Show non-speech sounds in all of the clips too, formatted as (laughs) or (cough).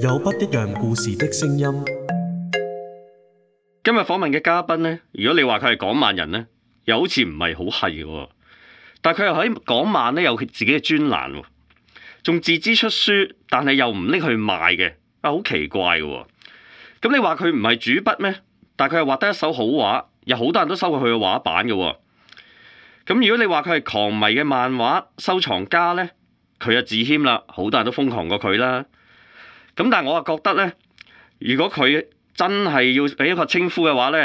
有不一樣故事的聲音。今日訪問嘅嘉賓呢，如果你話佢係港漫人呢，又好似唔係好係喎，但佢又喺港漫呢，有佢自己嘅專欄，仲自資出書，但係又唔拎去賣嘅啊，好奇怪喎。咁你話佢唔係主筆咩？但佢係畫得一手好畫，有好多人都收過佢嘅畫版嘅。咁如果你話佢係狂迷嘅漫畫收藏家呢，佢就自謙啦，好多人都瘋狂過佢啦。咁但我啊覺得咧，如果佢真係要俾一個稱呼嘅話呢，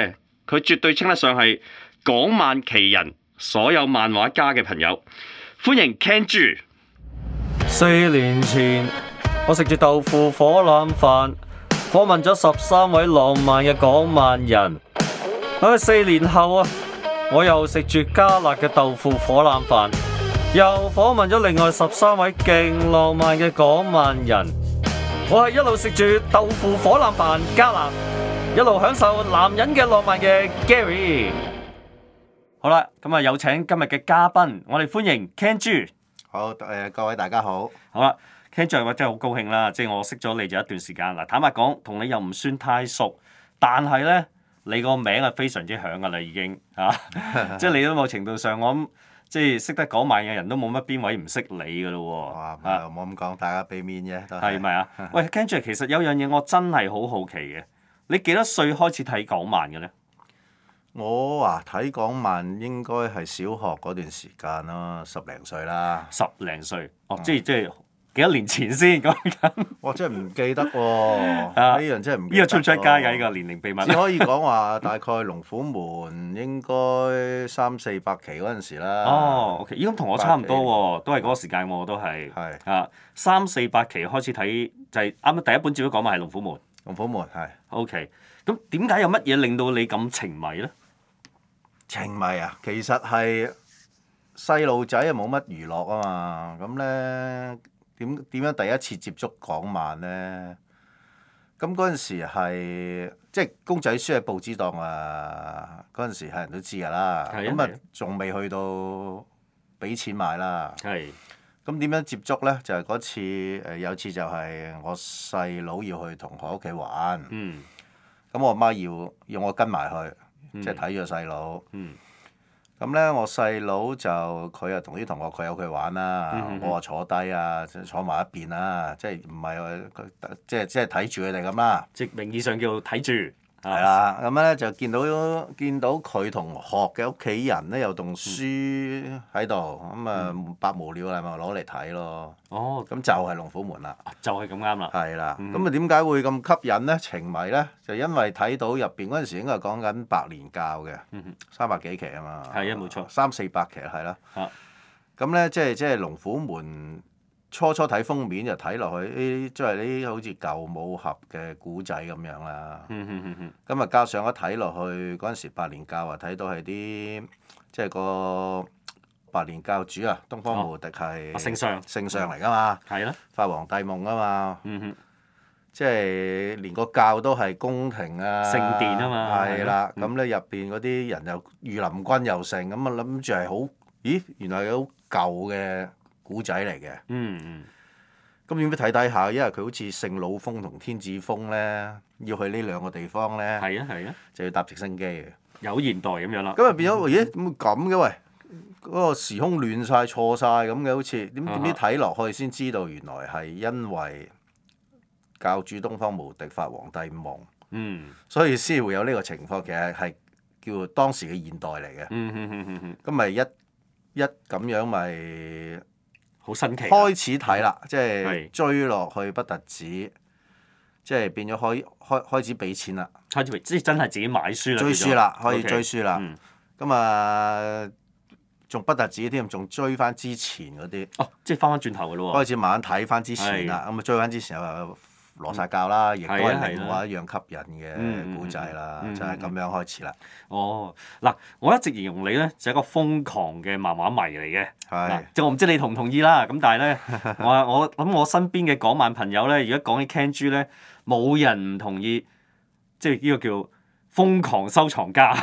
佢絕對稱得上係港漫奇人，所有漫畫家嘅朋友。歡迎 Ken J。四年前我食住豆腐火腩飯，訪問咗十三位浪漫嘅港漫人。唉，四年後啊，我又食住加辣嘅豆腐火腩飯，又訪問咗另外十三位勁浪漫嘅港漫人。我係一路食住豆腐火腩飯加辣，一路享受男人嘅浪漫嘅 Gary。好啦，咁啊有請今日嘅嘉賓，我哋歡迎 Can Zhu。好，誒、呃、各位大家好。好啦，Can Zhu，我真係好高興啦，即係我識咗你就一段時間嗱，坦白講同你又唔算太熟，但係咧你個名係非常之響噶啦已經嚇，即係你都某程度上我。即係識得港漫嘅人都冇乜邊位唔識你嘅咯喎，唔冇咁講，大家俾面啫。係咪啊？ (laughs) 喂，Kenzie，其實有樣嘢我真係好好奇嘅，你幾多歲開始睇港漫嘅咧？我啊，睇港漫應該係小學嗰段時間啦，十零歲啦。十零歲，哦，嗯、即係即係。幾多年前先講緊，我真係唔記得喎。呢 (laughs) 樣真係唔記得啊。呢個出唔出街㗎？呢個年齡秘密。你 (laughs) 可以講話大概《龍虎門》應該三四百期嗰陣時啦。哦，OK，依家同我差唔多喎，期都係嗰個時間喎，我都係。是啊！三四百期開始睇，就係啱啱第一本接咗講埋係《龍虎門》。龍虎門係。OK，咁點解有乜嘢令到你咁情迷咧？情迷啊！其實係細路仔又冇乜娛樂啊嘛，咁咧。點點樣第一次接觸港漫咧？咁嗰陣時係即係公仔書係報紙檔啊！嗰陣時係人都知㗎啦，咁啊仲未去到俾錢買啦。係的。咁點樣接觸咧？就係、是、嗰次誒有次就係我細佬要去同學屋企玩，咁、嗯、我媽要要我跟埋去，即係睇住細佬。咁咧，我細佬就佢又同啲同學佢有佢玩啦，我啊坐低啊，嗯、哼哼坐埋、啊、一邊啦、啊，即係唔係佢，即係即係睇住佢哋咁啦。即係、啊、名義上叫睇住。係啦，咁咧就見到見到佢同學嘅屋企人咧，有棟書喺度，咁啊百無聊賴咪攞嚟睇咯。哦，咁就係《龍虎門》啦。就係咁啱啦。係啦、嗯，咁啊點解會咁吸引咧？情迷咧，就因為睇到入邊嗰陣時應該係講緊百年教嘅，嗯、三百幾期啊嘛。係啊，冇錯，三四百期係啦。嚇！咁咧即係即係《就是就是、龍虎門》。初初睇封面就睇落去，啲即係啲好似舊武俠嘅古仔咁樣啦。咁啊、嗯嗯嗯、加上一睇落去嗰陣時年教，白蓮教啊睇到係啲即係個白蓮教主啊，東方無敵係聖、哦啊、上聖上嚟噶嘛。係啦的。發皇帝夢啊嘛。即係、嗯嗯嗯、連個教都係宮廷啊。聖殿啊嘛。係啦的，咁咧入邊嗰啲人又御林軍又剩，咁啊諗住係好咦？原來係好舊嘅。古仔嚟嘅，咁點解睇低下？因為佢好似聖魯峰同天子峰咧，要去呢兩個地方咧，啊啊、就要搭直升機嘅。有現代咁樣啦。咁就變咗，咦？點會咁嘅喂？嗰個時空亂晒錯晒咁嘅，好似點點知睇落去先知道，原來係因為教主東方無敵發皇帝夢，嗯、所以先會有呢個情況。其實係叫做當時嘅現代嚟嘅。咁咪、嗯嗯嗯嗯嗯、一一咁樣咪？好新奇！開始睇啦，即係追落去不特止，即係變咗開開開始俾錢啦，開始俾即係真係自己買書啦，追書啦，可以追書啦。咁啊，仲不特止添，仲追翻之前嗰啲。哦，即係翻翻轉頭嘅咯喎，開始慢慢睇翻之前啦，咁啊是追翻之前又。羅撒教啦，亦都係一樣吸引嘅古仔啦，就係咁樣開始啦。哦，嗱，我一直形容你咧，就係一個瘋狂嘅漫畫迷嚟嘅。係是。即我唔知你同唔同意啦。咁但係咧， (laughs) 我我諗我身邊嘅港漫朋友咧，如果講起 Can G 咧，冇人唔同意。即係呢個叫瘋狂收藏家。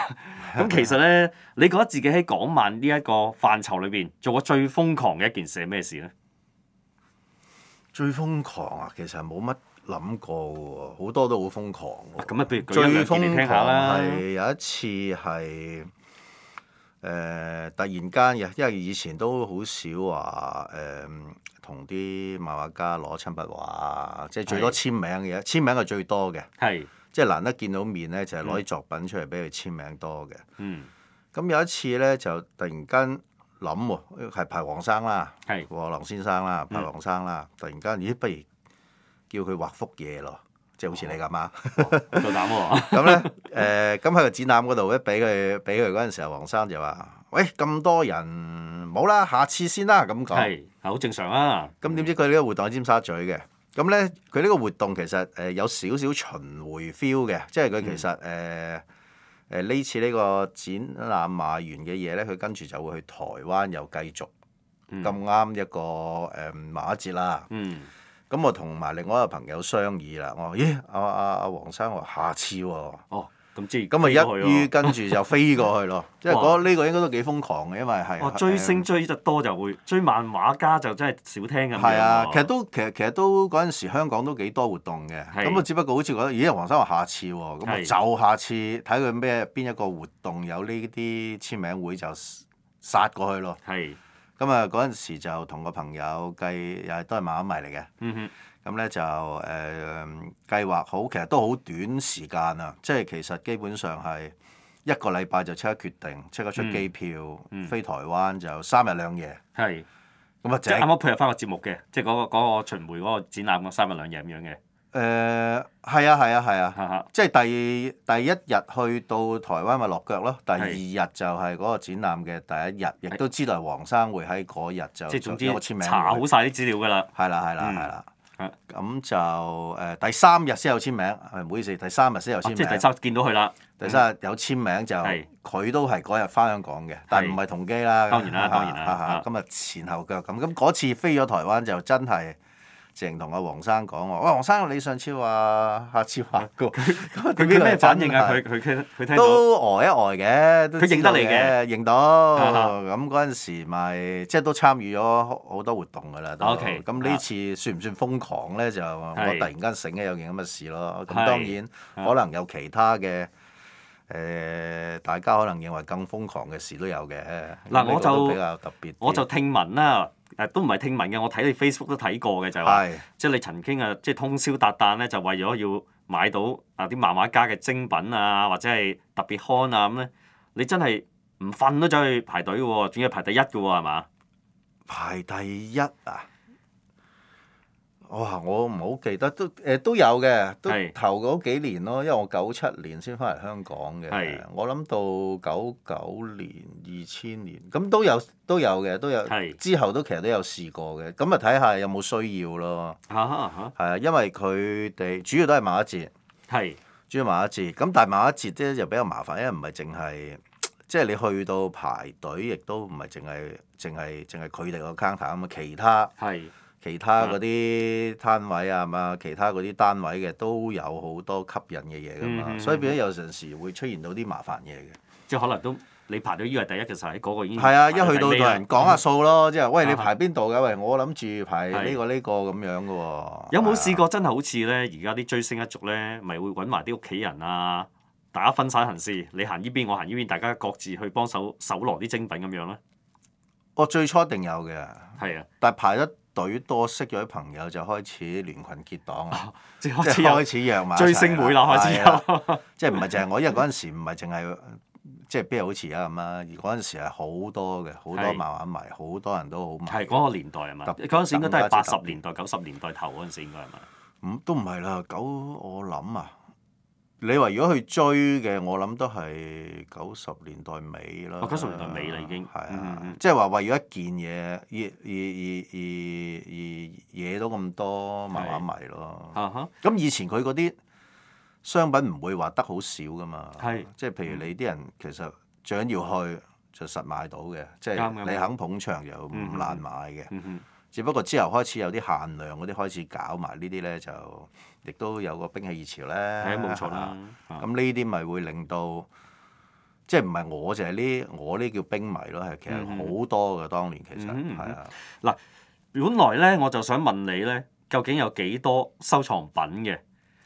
咁 (laughs) 其實咧，你覺得自己喺港漫呢一個範疇裏邊做過最瘋狂嘅一件事係咩事咧？ (laughs) 最瘋狂啊，其實冇乜。諗過喎，好多都好瘋狂。啊、最瘋狂係有一次係誒、呃、突然間嘅，因為以前都好少話誒同啲漫畫家攞親筆畫啊，即係最多簽名嘅嘢，是簽名係最多嘅。是即係難得見到面咧，就係攞啲作品出嚟俾佢簽名多嘅。咁、嗯、有一次咧，就突然間諗喎，係排王生啦，黃玉郎先生啦是，排黃生啦，突然間咦，咦，不如～叫佢畫幅嘢咯，即係好似你咁啊！夠膽喎，咁咧誒，咁喺個展覽嗰度一俾佢俾佢嗰陣時候，黃生就話，喂，咁多人冇啦，下次先啦。咁講係，好正常啊。咁點、嗯嗯、知佢呢個活動喺尖沙咀嘅，咁咧佢呢個活動其實誒有少少巡迴 feel 嘅，即係佢其實誒誒呢次呢個展覽賣完嘅嘢咧，佢跟住就會去台灣又繼續咁啱、嗯、一個誒萬、嗯、一節啦。嗯咁我同埋另外一個朋友商議啦，我話咦阿阿阿黃生話下次喎、啊，咁即係咁啊一於跟住就飛過去咯，即係嗰呢個應該都幾瘋狂嘅，因為係、哦、追星追得多就會追漫畫家就真係少聽咁樣、啊。係啊，其實都其實其實都嗰陣時香港都幾多活動嘅，咁啊我只不過好似覺得咦黃、欸、生話下次喎、啊，咁咪就下次睇佢咩邊一個活動有呢啲簽名會就殺過去咯。係、啊。咁啊，嗰陣時就同個朋友計，又係都係漫畫迷嚟嘅。嗯哼。咁咧就誒計劃好，其實都好短時間啊，即係其實基本上係一個禮拜就即刻決定，即刻出機票、嗯嗯、飛台灣就三日兩夜。係是。咁啊，即係啱啱配合翻個節目嘅，即係嗰、那個嗰、那個巡迴嗰個展覽嗰三日兩夜咁樣嘅。誒係啊係啊係啊！即係第第一日去到台灣咪落腳咯，第二日就係嗰個展覽嘅第一日，亦都知道係黃生會喺嗰日就攞簽名，查好晒啲資料㗎啦。係啦係啦係啦。咁就誒第三日先有簽名，唔好意思，第三日先有簽名。即係第三見到佢啦。第三日有簽名就佢都係嗰日翻香港嘅，但係唔係同機啦。當然啦當然啦，咁啊前後腳咁，咁嗰次飛咗台灣就真係。成同阿黃生講喎，喂黃生，你上次話下次話過，咁佢啲咩反應啊？佢佢聽，佢都呆一呆嘅，都認得你嘅，認到。咁嗰陣時咪即係都參與咗好多活動㗎啦。OK，咁呢次算唔算瘋狂咧？就我突然間醒起有件咁嘅事咯。咁當然可能有其他嘅誒，大家可能認為更瘋狂嘅事都有嘅。嗱我就比較特別，我就聽聞啦。誒都唔係聽聞嘅，我睇你 Facebook 都睇過嘅，就係是即係你曾經啊，即係通宵達旦咧，就為咗要買到啊啲漫畫家嘅精品啊，或者係特別刊啊咁咧，你真係唔瞓都走去排隊喎、啊，仲要排第一嘅喎、啊，係嘛？排第一啊！哇、哦！我唔好記得都誒、呃、都有嘅，都是頭嗰幾年咯，因為我九七年先翻嚟香港嘅。是我諗到九九年、二千年，咁都有都有嘅，都有。是之後都其實都有試過嘅，咁咪睇下有冇需要咯。嚇啊、uh huh.，因為佢哋主要都係買一折。係是。主要買一折，咁但係買一折咧就比較麻煩，因為唔係淨係，即係你去到排隊亦都唔係淨係淨係淨係佢哋個 counter 咁啊，其他。是其他嗰啲攤位啊，嘛？其他嗰啲單位嘅都有好多吸引嘅嘢㗎嘛，所以變咗有陣時會出現到啲麻煩嘢嘅，即可能都你排到依個第一其實喺嗰個已經係啊，一去到同人講下數咯，即係喂，你排邊度㗎？喂，我諗住排呢個呢個咁樣㗎喎。有冇試過真係好似咧？而家啲追星一族咧，咪會揾埋啲屋企人啊，大家分散行事，你行呢邊，我行呢邊，大家各自去幫手搜羅啲精品咁樣咧。我最初一定有嘅，係啊，但係排得。隊多識咗啲朋友就開始聯群結黨啊！即、哦、開始約埋追星會啦！之後了 (laughs) 即係唔係淨係我？ (laughs) 因為嗰陣時唔係淨係即係邊度好似而家咁啦。而嗰陣時係好多嘅，好多漫畫迷，好多人都好迷。係嗰、嗰個年代係咪？嗰特時應該都係八十年代、九十地年代頭嗰陣時應該係咪？唔都唔係啦，九我諗啊。你話如果去追嘅，我諗都係九十年代尾啦。哦，九十年代尾啦，已經。係啊，即係話為咗一件嘢而而而而而惹到咁多是慢慢迷咯。咁、啊、哈以前佢嗰啲商品唔會話得好少㗎嘛。是即係譬如你啲人、嗯、其實最緊要去就實買到嘅，即係你肯捧場又唔難買嘅。嗯嗯嗯嗯。只不過之後開始有啲限量嗰啲開始搞埋呢啲咧，就亦都有個兵器熱潮咧。係啊，冇錯啦。咁呢啲咪會令到，即係唔係我就係、是、呢？我呢叫兵迷咯，係其實好多嘅、嗯、哼當年其實係、嗯、哼啊。嗱，本來咧我就想問你咧，究竟有幾多收藏品嘅？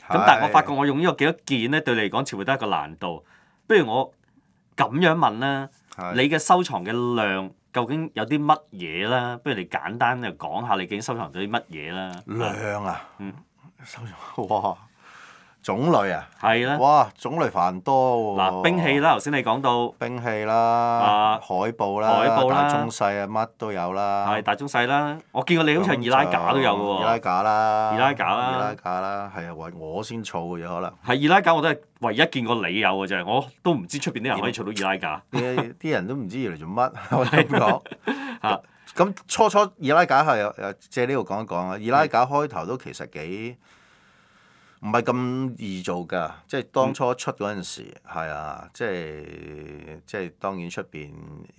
咁是但係我發覺我用個呢個幾多件咧，對你嚟講似乎得一個難度。不如我咁樣問啦，是你嘅收藏嘅量？究竟有啲乜嘢啦？不如你簡單就講下，你究竟收藏咗啲乜嘢啦？量啊，嗯，收藏哇！種類啊，係啦，哇，種類繁多喎。嗱，兵器啦，頭先你講到。兵器啦，海報啦，大中世啊，乜都有啦。係大中世啦，我見過你好似二拉架都有嘅喎。二拉架啦。二拉架啦。二拉架啦，係啊，我我先措嘅嘢可能。係二拉架，我都係唯一見過你有嘅咋，我都唔知出邊啲人可以措到二拉架。啲人都唔知原嚟做乜，咁講嚇。咁初初二拉架係誒借呢度講一講啊，二拉架開頭都其實幾。唔係咁易做㗎，即係當初出嗰陣時，係、嗯、啊，即係即係當然出邊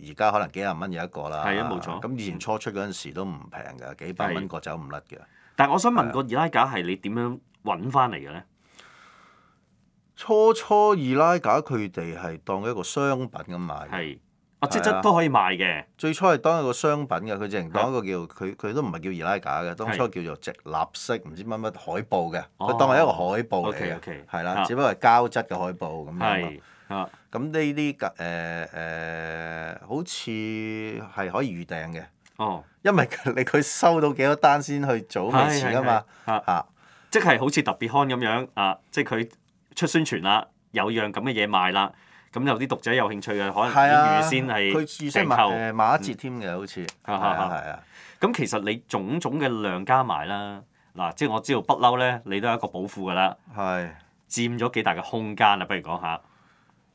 而家可能幾廿蚊有一個啦，係啊，冇錯。咁、啊、以前初出嗰陣時都唔平㗎，幾百蚊個走唔甩嘅。但係我想問個易拉架係你點樣揾翻嚟嘅咧？初初易拉架佢哋係當一個商品咁買的。即質都可以賣嘅。最初係當一個商品嘅，佢淨係當一個叫，佢佢都唔係叫易拉架嘅，當初叫做直立式唔知乜乜海報嘅，佢當係一個海報嚟嘅，係啦，只不過係膠質嘅海報咁樣咯。咁呢啲誒誒，好似係可以預訂嘅。哦，因為你佢收到幾多單先去做未遲㗎嘛？啊，即係好似特別刊咁樣啊，即係佢出宣傳啦，有樣咁嘅嘢賣啦。咁有啲讀者有興趣嘅，可能預先係訂購誒買一折添嘅，好似係、嗯、啊。咁其實你種種嘅量加埋啦，嗱、啊，即係我知道不嬲咧，你都係一個保庫庫㗎啦。係、啊、佔咗幾大嘅空間啊？不如講下。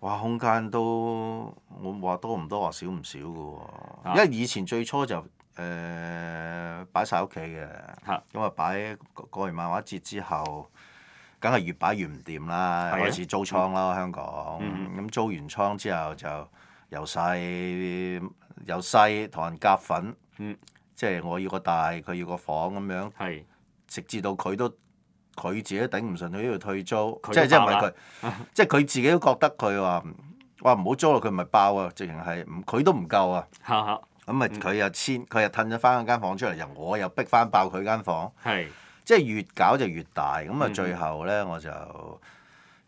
哇！空間都我話多唔多話少唔少㗎喎，啊、因為以前最初就誒擺曬屋企嘅，咁、呃、啊擺過完漫畫節之後。梗係越擺越唔掂啦，開始租倉啦香港。咁租完倉之後就由細由細同人夾份，即係我要個大，佢要個房咁樣，直至到佢都佢自己都頂唔順，佢都要退租。即係即係唔係佢，即係佢自己都覺得佢話，哇唔好租啦！佢唔係爆啊！直情係佢都唔夠啊！咁咪佢又遷，佢又褪咗翻嗰間房出嚟，又我又逼翻爆佢間房。係。即係越搞就越大，咁啊最後咧、嗯嗯、我就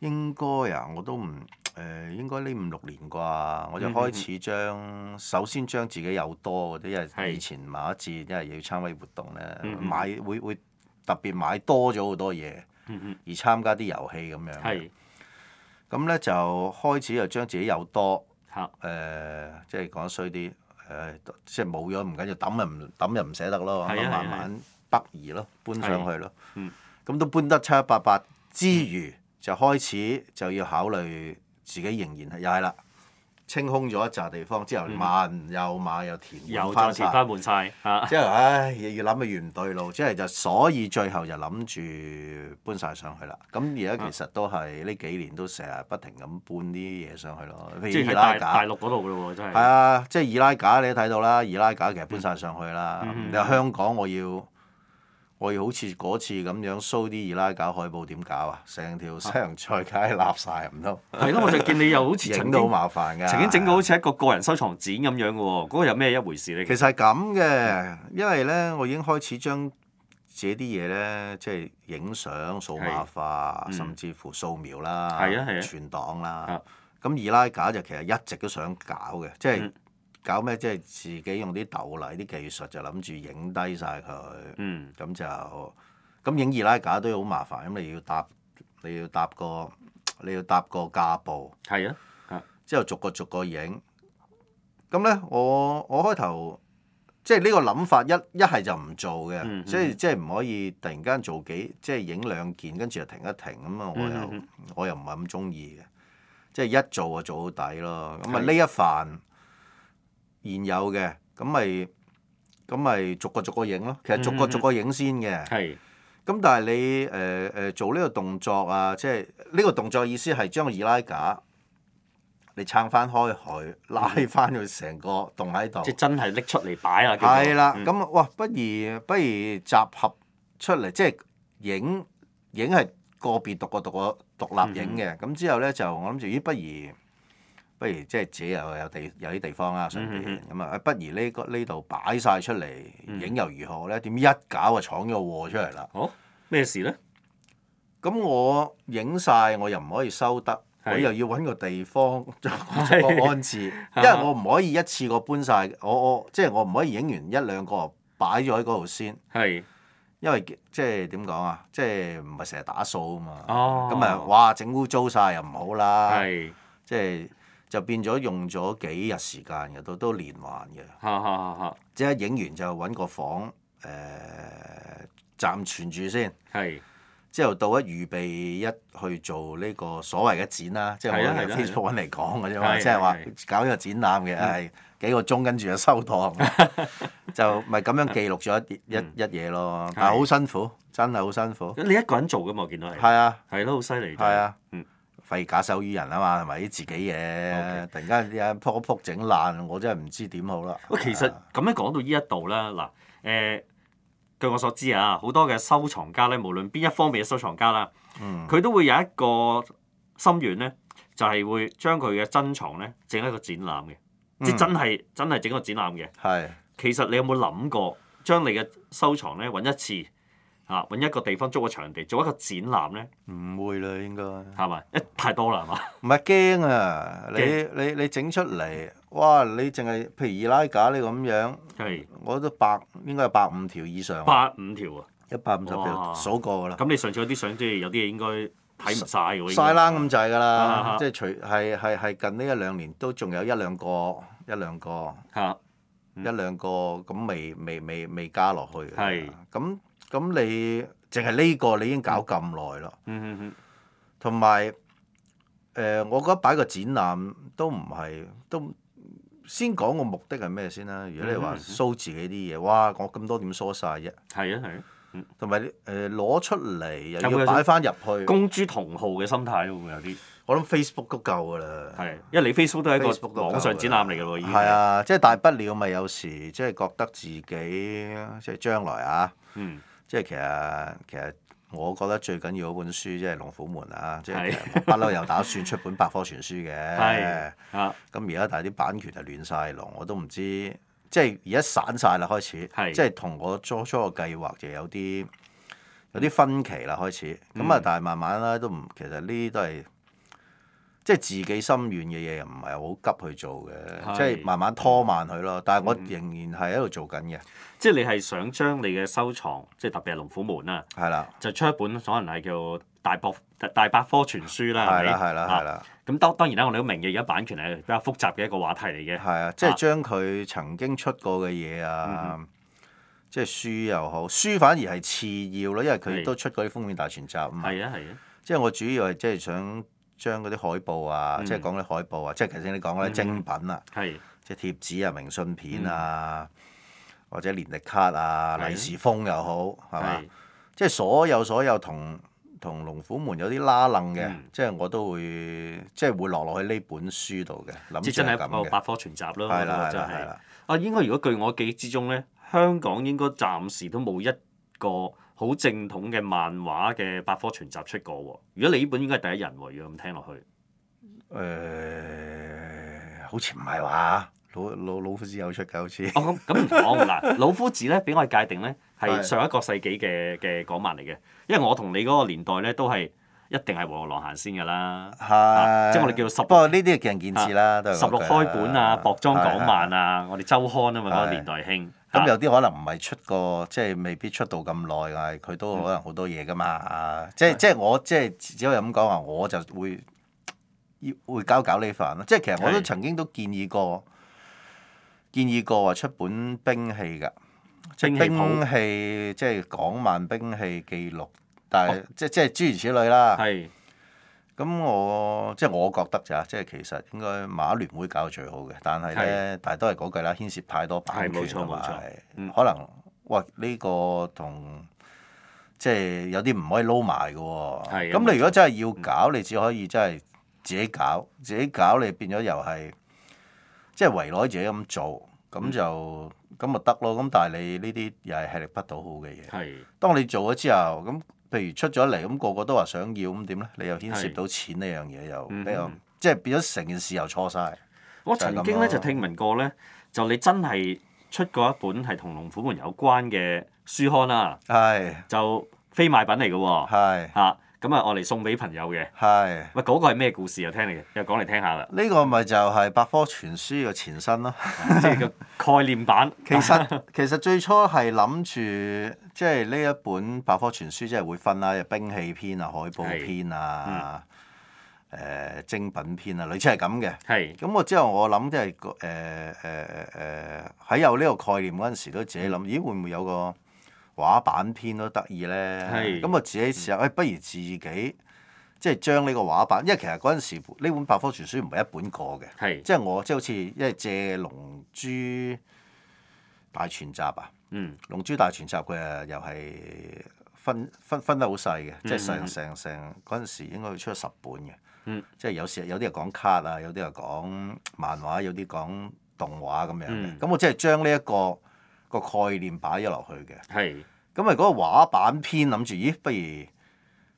應該啊，我都唔誒、呃、應該呢五六年啩，我就開始將嗯嗯首先將自己有多嗰啲，因為以前買一節，因為要參加啲活動咧，嗯嗯買會會特別買多咗好多嘢，嗯嗯而參加啲遊戲咁樣。咁咧、嗯嗯、就開始就將自己有多誒是的、呃，即，即係講衰啲，誒即係冇咗唔緊要抌又唔抌又唔捨得咯，咁慢慢。北移咯，搬上去咯，咁、嗯、都搬得七七八八之餘，嗯、就開始就要考慮自己仍然又係啦，清空咗一紮地方之後，又買又買又填，又填翻滿晒，即係唉，越諗咪越唔對路，即係就所以最後就諗住搬晒上去啦。咁而家其實都係呢幾年都成日不停咁搬啲嘢上去咯，譬如伊拉大，大陸嗰度咯喎，真係係啊，即係二拉架你都睇到啦，二拉架其實搬晒上去啦。你話香港我要？我要好似嗰次咁樣掃啲二拉架海報點搞啊？成條西洋菜街攬曬唔通？係咯，我就見你又好似整到，到好麻煩㗎。曾經整到好似一個個人收藏展咁樣嘅喎，嗰個又咩一回事咧？其實係咁嘅，的因為咧我已經開始將自己啲嘢咧，即係影相、數碼化，嗯、甚至乎掃描啦、存檔啦。咁二拉架就其實一直都想搞嘅，即、就、係、是嗯。搞咩？即係自己用啲豆泥啲技術，就諗住影低晒佢。嗯。咁就咁影二拉架都要好麻煩，咁你要搭你要搭個你要搭個架步。係啊。之後逐個逐個影。咁咧，我我開頭即係呢個諗法，一一係就唔做嘅，所以即係唔可以突然間做幾即係影兩件，跟住又停一停咁啊！我又我又唔係咁中意嘅，即係一做就做到底咯。咁啊呢一飯。現有嘅咁咪咁咪逐個逐個影咯，其實逐個逐個影先嘅。係、mm。咁、hmm. 但係你誒誒、呃呃、做呢個動作啊，即係呢個動作意思係將易拉架你撐翻開佢，拉翻佢成個棟喺度。即真係拎出嚟擺啦、啊。係啦的，咁、嗯、哇！不如不如集合出嚟，即係影影係個別獨個獨個獨立影嘅。咁、mm hmm. 之後咧就我諗住咦，不如。不如即係自己又有地有啲地方啦，上邊咁啊，嗯、哼不如呢個呢度擺晒出嚟影又如何咧？點、嗯、一搞就闖咗個禍出嚟啦！哦，咩事咧？咁我影晒，我又唔可以收得，是我又要揾個地方做個安置，是因為我唔可以一次過搬晒，我我即係、就是、我唔可以影完一兩個擺咗喺嗰度先。係是，因為即係點講啊？即係唔係成日打掃啊嘛？咁啊、哦，哇！整污糟晒又唔好啦，係是是即係。就變咗用咗幾日時間嘅，都都連環嘅。即係影完就揾個房誒暫存住先。之後到一預備一去做呢個所謂嘅展啦，即係我喺 Facebook 揾嚟講嘅啫嘛，即係話搞個展覽嘅，係幾個鐘跟住就收檔，就咪咁樣記錄咗一一一嘢咯。但係好辛苦，真係好辛苦。你一個人做嘅嘛？我見到你。係啊。係咯，好犀利。係啊。費假手於人啊嘛，同埋啲自己嘢，Okay. 突然間啲人撲一撲整爛，我真係唔知點好啦。喂，其實咁、啊、樣講到呢一度咧，嗱，誒、呃、據我所知啊，好多嘅收藏家咧，無論邊一方面嘅收藏家啦，佢、嗯、都會有一個心願咧，就係、是、會將佢嘅珍藏咧整一個展覽嘅，即、嗯、真係真係整個展覽嘅。嗯、其實你有冇諗過將你嘅收藏咧揾一次？啊！揾一個地方租個場地做一個展覽咧，唔會啦，應該係咪？一太多啦，係嘛？唔係驚啊！你你你整出嚟，哇！你淨係譬如易拉架呢咁樣，係我覺得百應該有百五條以上，百五條啊，一百五十條數過㗎啦。咁你上次嗰啲相即係有啲嘢應該睇唔晒喎，晒冷咁滯㗎啦，即係除係係係近呢一兩年都仲有一兩個一兩個一兩個咁未未未未加落去係咁。咁你淨係呢個你已經搞咁耐咯，同埋誒，我覺得擺個展覽都唔係都先講個目的係咩先啦、啊？如果你話 show、嗯嗯、自己啲嘢，哇，我咁多點 show 曬啫，係啊係啊，同埋誒攞出嚟又要擺翻入去，公諸同好嘅心態會唔會有啲，我諗 Facebook 都夠㗎啦、啊，因為你 Facebook 都係一個網上展覽嚟㗎喎，已經係啊，即、就、係、是、大不了咪有時即係覺得自己即係、就是、將來啊，嗯嗯嗯即係其實其實我覺得最緊要嗰本書即係《龍虎門》啊，即係我不嬲有打算出本百科全書嘅。咁而家但係啲版權就亂晒咯，我都唔知。即係而家散晒啦，開始。是即係同我初初嘅計劃就有啲有啲分歧啦，開始。咁啊、嗯，但係慢慢啦都唔，其實呢啲都係。即係自己心願嘅嘢，又唔係好急去做嘅，即係慢慢拖慢佢咯。但係我仍然係喺度做緊嘅。即係你係想將你嘅收藏，即係特別係龍虎門啊，係啦，就出一本可能係叫大博大百科全書啦，係啦，係啦，係啦，咁當當然啦，我哋都明嘅，而家版權係比較複雜嘅一個話題嚟嘅。係啊，即係將佢曾經出過嘅嘢啊，即係書又好，書反而係次要咯，因為佢都出過啲封面大全集嘛。係啊，係啊。即係我主要係即係想。將嗰啲海報啊，即係講嗰啲海報啊，即係頭先你講嗰啲精品啊，即係貼紙啊、明信片啊，或者年曆卡啊、利是封又好，係嘛？即係所有所有同同龍虎門有啲拉楞嘅，即係我都會即係會落落去呢本書度嘅。即真係個百科全集咯，就係啊！應該如果據我記憶之中咧，香港應該暫時都冇一個。好正統嘅漫畫嘅百科全集出過喎、哦，如果你呢本應該係第一人喎、哦，如果咁聽落去，誒、呃，好似唔係話，老老夫子有出嘅。好似。 (laughs) 哦咁咁唔講喎， (laughs) 老夫子咧，俾我哋界定咧係上一個世紀嘅嘅港漫嚟嘅，因為我同你嗰個年代咧都係一定係黃玉郎行先㗎啦，即係我哋叫做十。不過呢啲見仁見智啦，十六開本啊，薄裝港漫啊，的啊，我哋周刊啊嘛，嗰、那個年代興。咁、嗯、有啲可能唔係出過，即係未必出到咁耐，但係佢都可能好多嘢噶嘛。即係即係我即係只可以咁講話，我就會要會搞搞呢份啦。即係其實我都曾經都建議過，是建議過話出本兵器㗎，兵器即係港漫兵器記器錄，但係、哦、即即係諸如此類啦。咁我即係我覺得咋，即係其實應該馬聯會搞最好嘅，但係咧，的但係都係嗰句啦，牽涉太多版權同埋，話錯可能哇呢、呢個同即係有啲唔可以撈埋喎，咁的你如果真係要搞，的你只可以真係自己搞，嗯、自己搞你變咗又係即係圍耐自己咁做，咁就咁咪得咯。咁、嗯、但係你呢啲又係吃力不討好嘅嘢的。當你做咗之後。咁。譬如出咗嚟咁個個都話想要咁點咧？你又牽涉到錢呢是樣嘢又比較，嗯、哼即係變咗成件事又錯晒。我曾經咧就，就聽聞過咧，就你真係出過一本係同《龍虎門》有關嘅書刊啦，是就非賣品嚟㗎喎，嚇是。咁啊，我嚟送俾朋友嘅。係是。喂，嗰個係咩故事啊？聽嚟，又講嚟聽下啦。呢個咪就係百科全書嘅前身咯， (laughs) 即係個概念版。 (laughs) 其實其實最初係諗住，即係呢一本百科全書，即係會分啊，有兵器篇啊、海報篇是啊、誒、嗯、精品篇啊，類似係咁嘅。係是。咁我之後我諗即係個誒誒誒，喺、呃呃呃呃呃呃、有呢個概念嗰陣時，都自己諗，咦、嗯、會唔會有個？畫版篇都得意咧，咁是我自己試下，誒、嗯哎，不如自己即係、就是、將呢個畫版，因為其實嗰陣時呢本百科全書唔係一本過嘅，即係是我即係、就是、好似因為借龍珠大全集啊，嗯、龍珠大全集佢啊又係分分分得好細嘅，即係成成成嗰陣時應該佢出咗十本嘅，即係、嗯、有時有啲又講卡啊，有啲又講漫畫，有啲講動畫咁樣嘅，咁、嗯、我即係將呢、這、一個。個概念擺咗落去嘅，係咁咪嗰個畫板篇諗住，咦？不如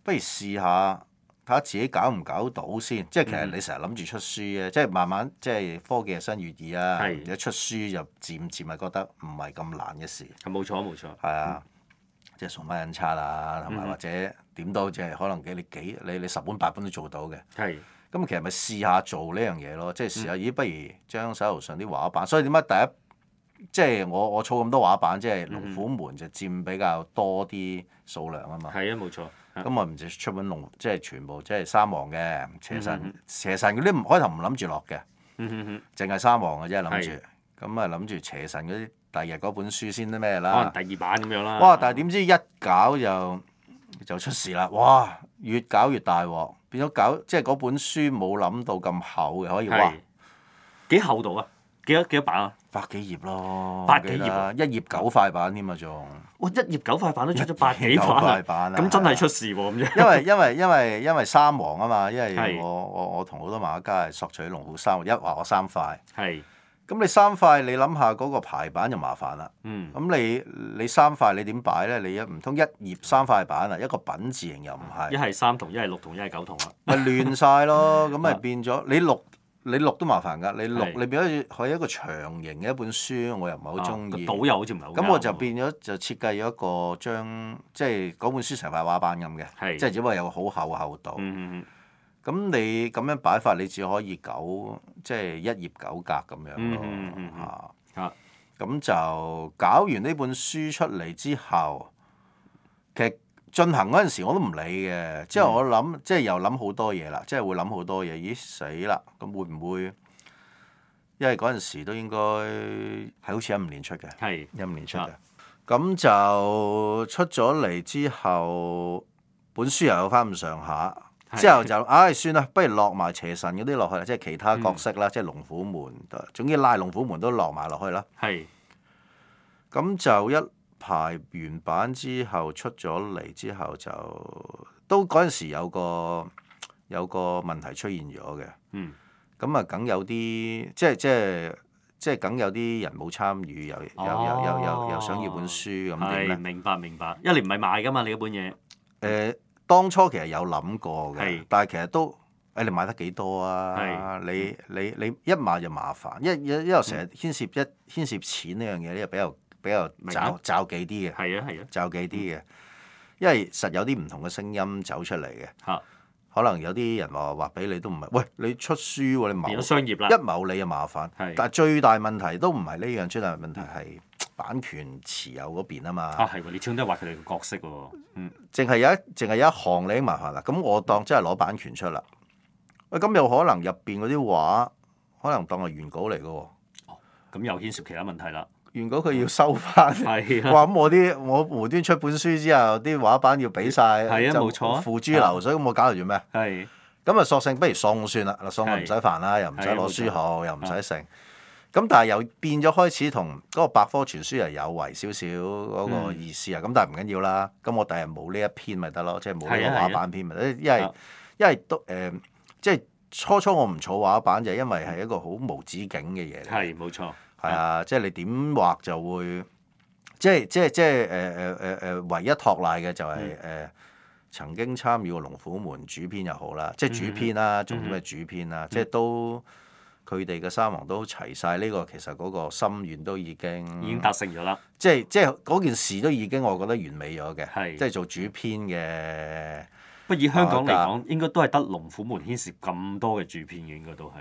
不如試下睇下自己搞唔搞到先。嗯、即係其實你成日諗住出書嘅，即係慢慢即係科技日新月異啊！一是出書就漸漸咪覺得唔係咁難嘅事。係冇錯，冇錯。係啊，嗯、即係數碼印刷啊，同埋、嗯、或者點都即係可能幾你幾你你十本八本都做到嘅。係是。咁、嗯、其實咪試下做呢樣嘢咯，即、就、係、是、試下咦，咦？不如將手頭上啲畫板，所以點解第一？即係我我儲咁多畫板，即係龍虎門就佔比較多啲數量啊嘛。係啊，冇錯。咁我唔就出本龍，即係全部即係三王嘅邪神，嗯、哼哼邪神嗰啲開頭唔諗住落嘅，淨係三王嘅啫，諗住。咁啊的，諗住邪神嗰啲第二日嗰本書先啦，咩啦？可能第二版咁樣啦。哇！但係點知一搞就就出事啦！哇！越搞越大鑊，變咗搞即係嗰本書冇諗到咁厚嘅，可以話幾的哇厚度啊？幾多幾多版啊？百幾頁咯，記得啊，一頁九塊版添啊，仲哇一頁九塊版都出咗百幾版啦，咁真係出事喎，咁即因為因為因為因為三王啊嘛，因為我我我同好多漫畫家係索取龍虎三，一話我三塊，咁你三塊你諗下嗰個排版就麻煩啦，咁你你三塊你點擺咧？你一唔通一頁三塊版啊？一個品字形又唔係，一係三同，一係六同，一係九同啊，咪亂晒咯，咁咪變咗你六。你錄都麻煩㗎，你錄你邊可以一個長形嘅一本書，我又唔係、啊、好鍾意。導遊好似唔係好啱。咁我就變咗就設計咗一個將，即係嗰本書成塊畫板咁嘅，是即係只不過有好厚嘅厚度。咁、嗯、哼你咁樣擺法，你只可以九即係一頁九格咁樣咯嚇。嚇咁就搞完呢本書出嚟之後。進行嗰陣時我都唔理嘅，之後我諗，即係、嗯、又諗好多嘢啦，即、就、係、是、會諗好多嘢。咦死啦！咁會唔會？因為嗰陣時都應該係好似一五年出嘅，係是一五年出嘅。咁了就出咗嚟之後，本書又有翻咁上下，的之後就唉、啊、算啦，不如落埋邪神嗰啲落去，即係其他角色啦，嗯、即係龍虎門，總之拉龍虎門都落埋落去啦。係的。咁、嗯、就一。排完版之後出咗嚟之後就都嗰陣時有個有個問題出現咗嘅，咁啊梗有啲即即即梗有啲人冇參與，又又又又又想要本書咁點咧？明白明白，因為你唔係賣噶嘛，你嗰本嘢。誒、呃，當初其實有諗過嘅，是但係其實都誒、哎，你買得幾多啊？是嗯、你你你一買就麻煩，一一因為成日牽涉一,一牽涉錢呢樣嘢，又比較。比較詐詐諦啲嘅，詐諦啲嘅，因為實有啲唔同嘅聲音走出嚟嘅，啊、可能有啲人話畫俾你都唔係，喂你出書喎，你商貿一貿你就麻煩，的但係最大問題都唔係呢樣，最大係問題係版權持有嗰邊啊嘛。啊，係喎，你全部都係畫佢哋嘅角色喎、啊。嗯，淨係有一淨係有一行你已經麻煩啦。咁我當真係攞版權出啦。喂、哎，咁有可能入邊嗰啲畫可能當係原稿嚟嘅喎。哦，咁又牽涉其他，其他問題啦。如果佢要收翻，哇！咁我啲我無端出本書之後，啲畫板要俾晒，就付諸流水，所以咁我搞嚟做咩？係。咁啊，索性不如送算啦，送又唔使煩啦，又唔使攞書號，又唔使剩。咁但係又變咗開始同嗰個百科全書又有為少少嗰個意思啊！咁但係唔緊要啦。咁我第日冇呢一篇咪得咯，即係冇呢個畫板篇咪得咯。誒，因為因為都誒，即係初初我唔做畫板就係因為係一個好無止境嘅嘢嚟。係，冇錯。係啊，即係你點畫就會，即係即係即係誒誒誒誒，唯一托賴嘅就係誒曾經參與過龍虎門主編又好啦，即係主編啦，做咩主編啦，即係都佢哋嘅三王都齊晒。呢個其實嗰個心願都已經已經達成咗啦。即係即係嗰件事都已經我覺得完美咗嘅，即係做主編嘅。不過以香港嚟講，應該都係得龍虎門牽涉咁多嘅主編，應該都係。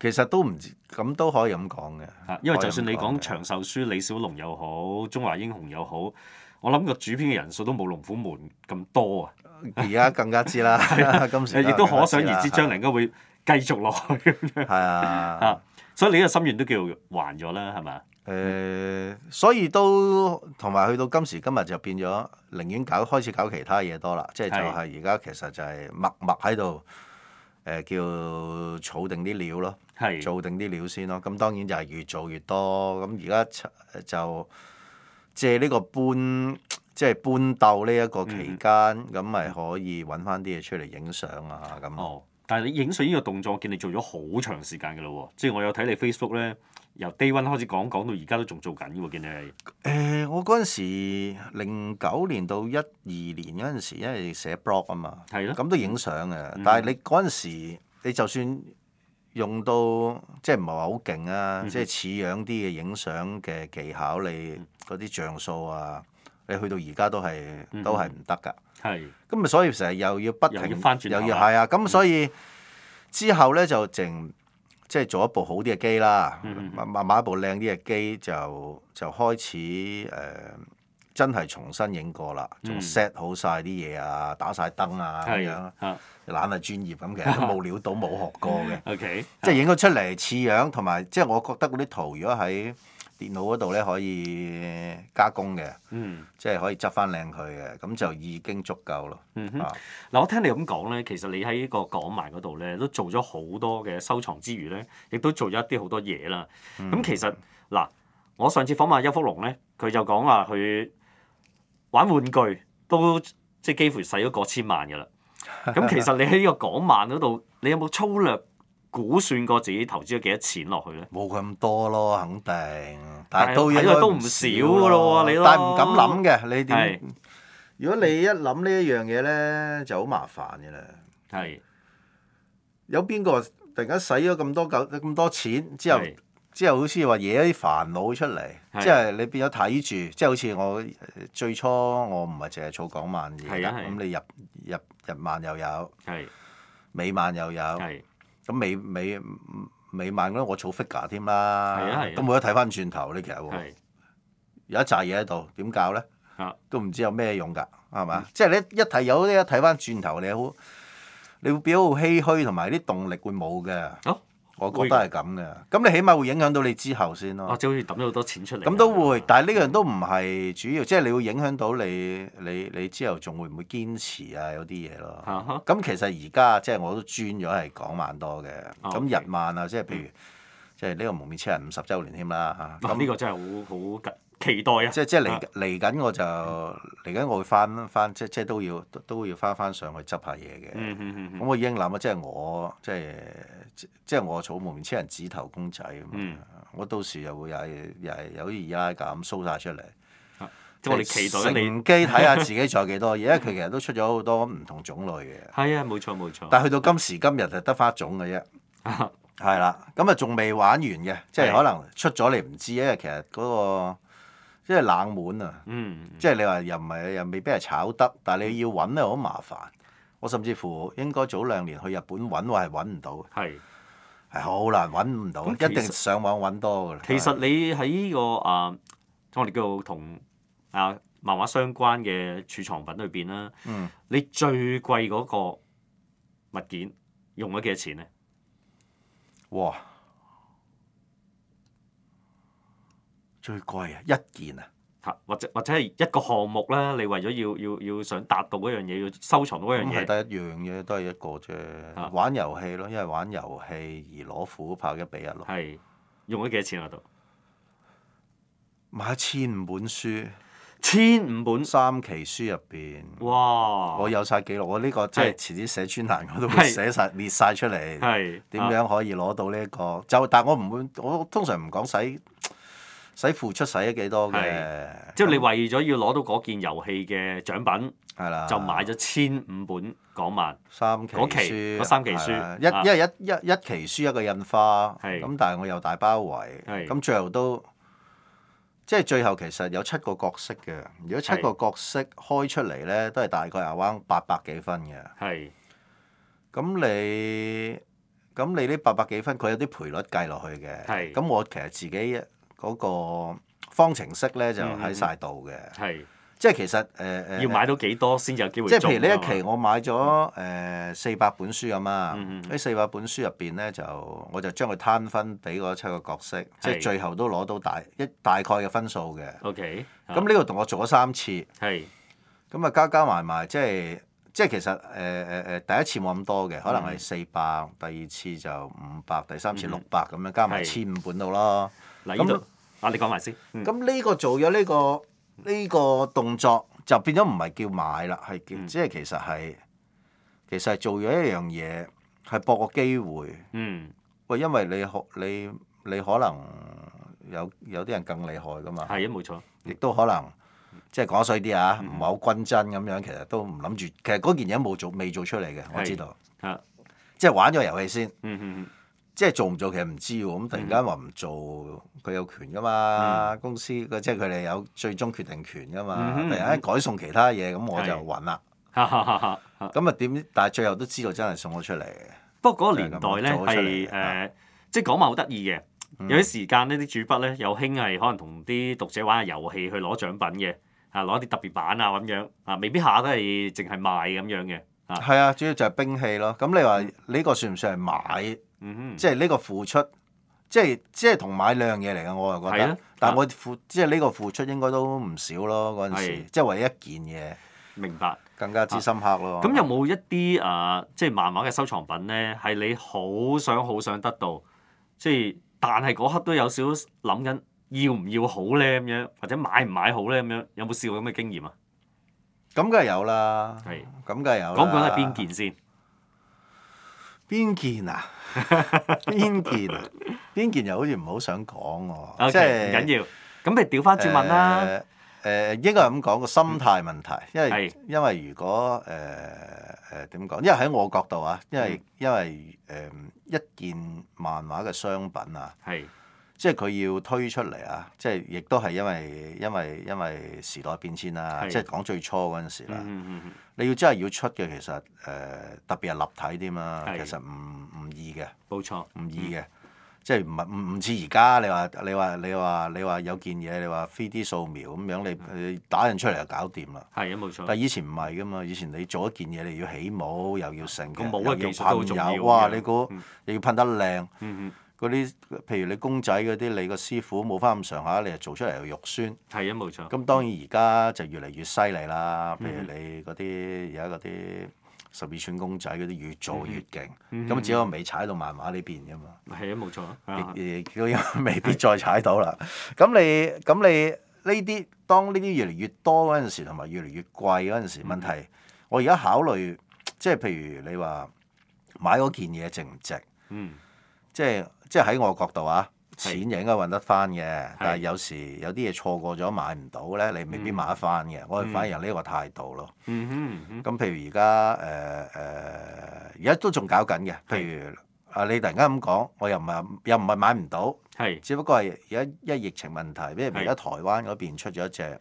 其實都唔知，咁都可以咁講嘅。嚇、啊，因為就算你講長壽書、李小龍又好、中華英雄又好，我諗個主編嘅人數都冇龍虎門咁多啊。而家更加知啦， (laughs) 啊、今時亦都可想而知，將來應該會繼續落去咁、啊、樣。係啊，嚇、啊，所以你呢個心願都叫還咗啦，係咪？誒、呃，所以都同埋去到今時今日就變咗，寧願搞開始搞其他嘢多啦，即係就係而家其實就係默默喺度。誒、呃、叫儲定啲料咯，係是的 做定啲料先咯。咁當然就係越做越多。咁而家就借呢個搬，即係搬竇呢一個期間，咁咪、嗯、可以揾翻啲嘢出嚟影相啊咁。但係你影相依個動作，我見你做咗好長時間嘅咯喎，即係我有睇你 Facebook 咧，由 Day One 開始講講到而家都仲做緊嘅喎，見你係。誒、呃，我嗰陣時零九年到一二年嗰陣時，因為寫 blog 啊嘛，咁都影相嘅。嗯、哼但係你嗰陣時，你就算用到即係唔係話好勁啊，即係似、嗯、哼樣啲嘅影相嘅技巧，你嗰啲像素啊，你去到而家都係、嗯、哼都係唔得㗎。係，咁咪，所以成日又要不停又要係啊，咁所以之後咧就淨即係做一部好啲嘅機啦，買買一部靚啲嘅機，就就開始誒，真係重新影過啦，仲 set 好晒啲嘢啊，打晒燈啊咁樣，懶係專業咁，其實都冇料到，冇學過嘅，即係影咗出嚟似樣，同埋即係我覺得嗰啲圖如果喺電腦嗰度咧可以加工嘅，嗯、即係可以執翻靚佢嘅，咁就已經足夠咯。嗱，我聽你咁講咧，其實你喺呢個港漫嗰度咧都做咗好多嘅收藏之餘咧，亦都做咗一啲好多嘢啦。咁其實嗱、嗯啊，我上次訪問邱福龍咧，佢就講話佢玩玩具都即幾乎使咗過千萬嘅啦。咁其實你喺呢個港漫嗰度，你有冇粗略估算過自己投資咗幾多錢落去咧？冇咁多咯，肯定。但係都應該都唔少嘅咯喎，你。但係唔敢諗嘅，你點？如果你一諗呢一樣嘢咧，就好麻煩嘅啦。係。有邊個突然間使咗咁多九咁多錢之後，之後好似話惹咗啲煩惱出嚟？即係你變咗睇住，即係好似我最初我唔係淨係做港萬嘅，咁你入 yeah, year, 入入萬又有，美萬又有。Viable, 咁美美美漫嗰啲，我儲 figure 添啦。咁冇得睇翻轉頭，你其實會有一紮嘢喺度，點搞咧？都唔知有咩用㗎，係嘛？即係你一睇有一睇翻轉頭，你好，你會變得好唏噓，同埋啲動力會冇嘅。啊我覺得係咁嘅，咁你起碼會影響到你之後先咯。即係、啊、好似抌咗好多錢出嚟。咁都會，嗯、但係呢樣都唔係主要，即、就、係、是、你會影響到你你你之後仲會唔會堅持啊？有啲嘢咯。咁、啊、哈其實而家即係我都轉咗係港漫多嘅，咁日漫啊，即係譬如即係呢個蒙面超人五十週年添啦嚇。咁呢個真係好好緊。那期待啊！即即嚟嚟緊我就嚟緊，我會翻翻即即都要都要翻翻上去執下嘢嘅。咁我已經諗啦，即係我即即即我儲滿千人指頭公仔咁。嘛！我到時又會又係又係有啲易拉架咁蘇晒出嚟，即我哋期待啊！乘機睇下自己儲幾多嘢，因為佢其實都出咗好多唔同種類嘅。係啊，冇錯冇錯。但去到今時今日就得翻一種嘅啫，係啦。咁啊仲未玩完嘅，即係可能出咗你唔知因為。其實嗰個即係冷門啊！嗯嗯、即係你話又唔係又未必係炒得，但係你要揾咧好麻煩。我甚至乎應該早兩年去日本揾，我係揾唔到。係係好難揾唔到，一定上網揾多㗎喇。其實你喺呢個啊、呃，我哋叫做同啊漫畫相關嘅儲藏品裏邊啦。嗯、你最貴嗰個物件用咗幾多錢咧？哇！最貴啊！一件啊，或者或者係一個項目啦。你為咗要要要想達到嗰樣嘢，要收藏嗰樣嘢。咁係得一樣嘢，都係一個啫。玩遊戲咯，因為玩遊戲而攞虎豹一比一咯。用咗幾多錢啊？都買千五本書，千五本三期書入邊。哇！我有晒記錄，我呢個即係遲啲寫專欄，我都會寫晒列晒出嚟。係點樣可以攞到呢一個？就但我唔會，我通常唔講使。使付出使咗幾多嘅？即係你為咗要攞到嗰件遊戲嘅獎品，係啦，就買咗千五本港萬三期書，三期書一，因一一一期書一個印花，咁但係我又大包圍，咁最後都即係最後其實有七個角色嘅。如果七個角色開出嚟咧，都係大概 around 八百幾分嘅。咁你咁你呢八百幾分，佢有啲賠率計落去嘅。咁我其實自己。嗰個方程式咧就喺晒度嘅，即係其實誒誒要買到幾多先有機會？即係譬如呢一期我買咗誒四百本書咁啊，啲四百本書入邊咧就我就將佢攤分俾嗰七個角色，即係最後都攞到大一大概嘅分數嘅。OK，咁呢個同我做咗三次，咁啊，加加埋埋即係即係其實誒誒誒第一次冇咁多嘅，可能係四百，第二次就五百，第三次六百咁樣加埋千五本度咯。咁啊，你講埋先。咁、嗯、呢個做咗呢、呢個呢、呢個動作就、嗯，就變咗唔係叫買啦，係叫即係其實係其實係做咗一樣嘢，係搏個機會。嗯。喂，因為你可你你可能有有啲人更厲害噶嘛。係啊，冇錯。亦、嗯、都可能即係講衰啲啊，唔係好均真咁樣，其實都唔諗住。其實嗰件嘢冇做，未做出嚟嘅，我知道。嗯、即係玩咗遊戲先。嗯嗯。即係做唔做其實唔知喎，咁突然間話唔做，佢有權噶嘛？公司，即係佢哋有最終決定權噶嘛？突然間，改送其他嘢，咁我就揾啦。咁啊點？但係最後都知道真係送咗出嚟。不過嗰個年代咧係誒，即係講話好得意嘅。有啲時間咧，啲主筆咧有興係可能同啲讀者玩下遊戲去攞獎品嘅，啊攞啲特別版啊咁樣啊，未必下下都係淨係賣咁樣嘅。係啊，主要就係兵器咯。咁你話呢個算唔算係買？嗯、即係呢個付出，即係即係同買兩樣嘢嚟嘅，我係覺得。的但係我付、啊、即係呢個付出應該都唔少咯，嗰陣時的即係為一,一件嘢。明白，更加之深刻咯。咁有冇一啲誒、啊，即係漫畫嘅收藏品咧，係你好想好想得到，即係但係嗰刻都有少少諗緊要唔要好咧咁樣，或者買唔買好咧咁樣，有冇試過咁嘅經驗啊？咁梗係有啦，係咁梗係有。講講係邊件先？邊件啊？邊件、啊？邊 (laughs) 件又好似唔好想講喎，okay, 即是係唔緊要。咁咪調翻轉問啦。誒、呃呃、應該係咁講個心態問題，因為、嗯、因為如果誒誒點講？因為喺我角度啊，因為是因為誒、呃、一件漫畫嘅商品啊。係。即係佢要推出嚟啊！即係亦都係因為因為因為時代變遷啦。的即係講最初嗰陣時啦。嗯嗯、你要真係要出嘅，其實誒、呃、特別係立體添啊，的其實唔唔易嘅。冇錯。唔易嘅，嗯、即係唔係唔唔似而家你話你話你話你話有件嘢你話 3D 掃描咁樣你誒打印出嚟就搞掂啦。係啊，冇錯。但係以前唔係噶嘛，以前你做一件嘢，你要起模又要成，又要噴油，哇子！你估，你要噴得靚。嗯嗯嗰啲，譬如你公仔嗰啲，你個師傅冇翻咁上下，你又做出嚟又肉酸。係啊，冇錯。咁當然而家就越嚟越犀利啦。嗯、譬如你嗰啲，而家嗰啲十二寸公仔嗰啲，越做越勁。咁、嗯、只不過未踩到漫畫呢邊㗎嘛？係啊，冇錯。亦亦都未必再踩到啦。咁的你咁你呢啲，當呢啲越嚟越多嗰陣時，同埋越嚟越貴嗰陣時，嗯、問題我而家考慮，即係譬如你話買嗰件嘢值唔值？嗯、即係。即係喺我角度啊，錢就應該揾得翻嘅，是但係有時有啲嘢錯過咗買唔到咧，你未必買得翻嘅。嗯、我係反而有呢個態度咯。咁、嗯嗯、譬如而家誒誒，而、呃、家、呃、都仲搞緊嘅。譬如是啊，你突然間咁講，我又唔係又唔係買唔到，是只不過係而家因為疫情問題，譬如而家台灣嗰邊出咗隻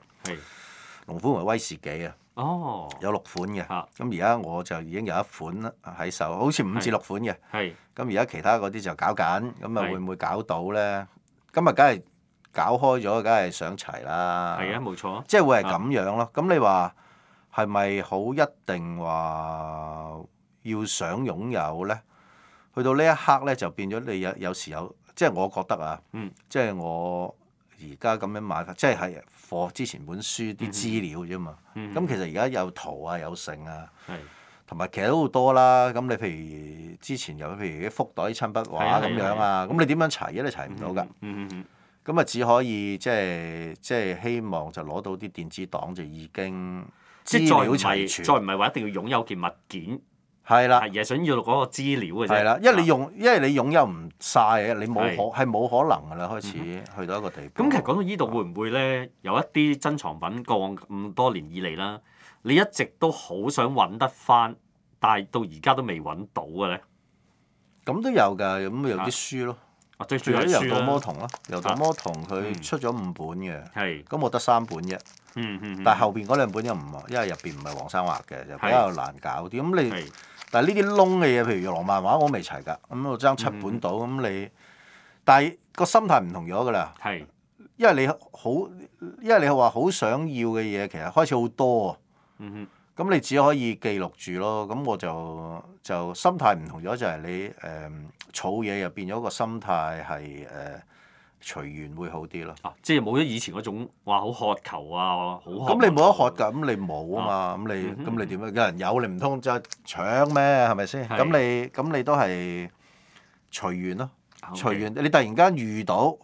龍虎門威士忌啊。哦，oh，有六款嘅，咁而家我就已經有一款喺手，好似五至六款嘅。咁而家其他嗰啲就搞緊，咁啊是會唔會搞到咧？咁啊，梗係搞開咗，梗係上齊啦。係啊，冇錯。即係會係咁樣咯。咁你話係咪好一定話要想擁有咧？去到呢一刻咧，就變咗你有有時有，即係我覺得啊，即係，嗯，我而家咁樣買，即係課之前本書啲資料啫嘛，咁、mm hmm. 嗯、其實而家有圖啊有剩啊，同埋是其實都好多啦。咁你譬如之前有譬如啲福袋啲親筆畫咁、啊啊、樣啊，咁、啊啊、你點樣齊都都齊唔到㗎。咁啊、mm hmm. 只可以即係即係希望就攞到啲電子檔就已經即是資料齊全，再唔係話一定要擁有件物件。係啦，係而係想要嗰個資料嘅啫。係啦，因為你用，因為你擁有唔晒嘅，你冇可係冇可能嘅啦。開始去到一個地步。咁其實講到依度，會唔會咧有一啲珍藏品過往咁多年以嚟啦，你一直都好想揾得翻，但係到而家都未揾到嘅咧？咁都有㗎，咁有啲書咯，最最耐由《大魔童》咯，《大魔童》佢出咗五本嘅，係，咁我得三本啫。但係後邊嗰兩本又唔，因為入邊唔係黃生畫嘅，就比較難搞啲。咁你？但係呢啲窿嘅嘢，譬如羅漫畫我都未齊㗎，咁我爭七本到，咁、嗯、哼你，但係個心態唔同咗㗎啦。因為你好，因為你話好想要嘅嘢，其實開始好多啊。咁、嗯、哼你只可以記錄住咯。咁我就就心態唔同咗，就係、是、你誒儲嘢又變咗個心態係誒。呃隨緣會好啲咯、啊，即係冇咗以前嗰種話好渴求啊，好渴、哦、你冇得渴㗎，咁你冇啊嘛，咁、啊、你咁你點樣？有人有是是是你唔通就搶咩？係咪先？咁你咁你都係隨緣咯，Okay. 隨緣你突然間遇到。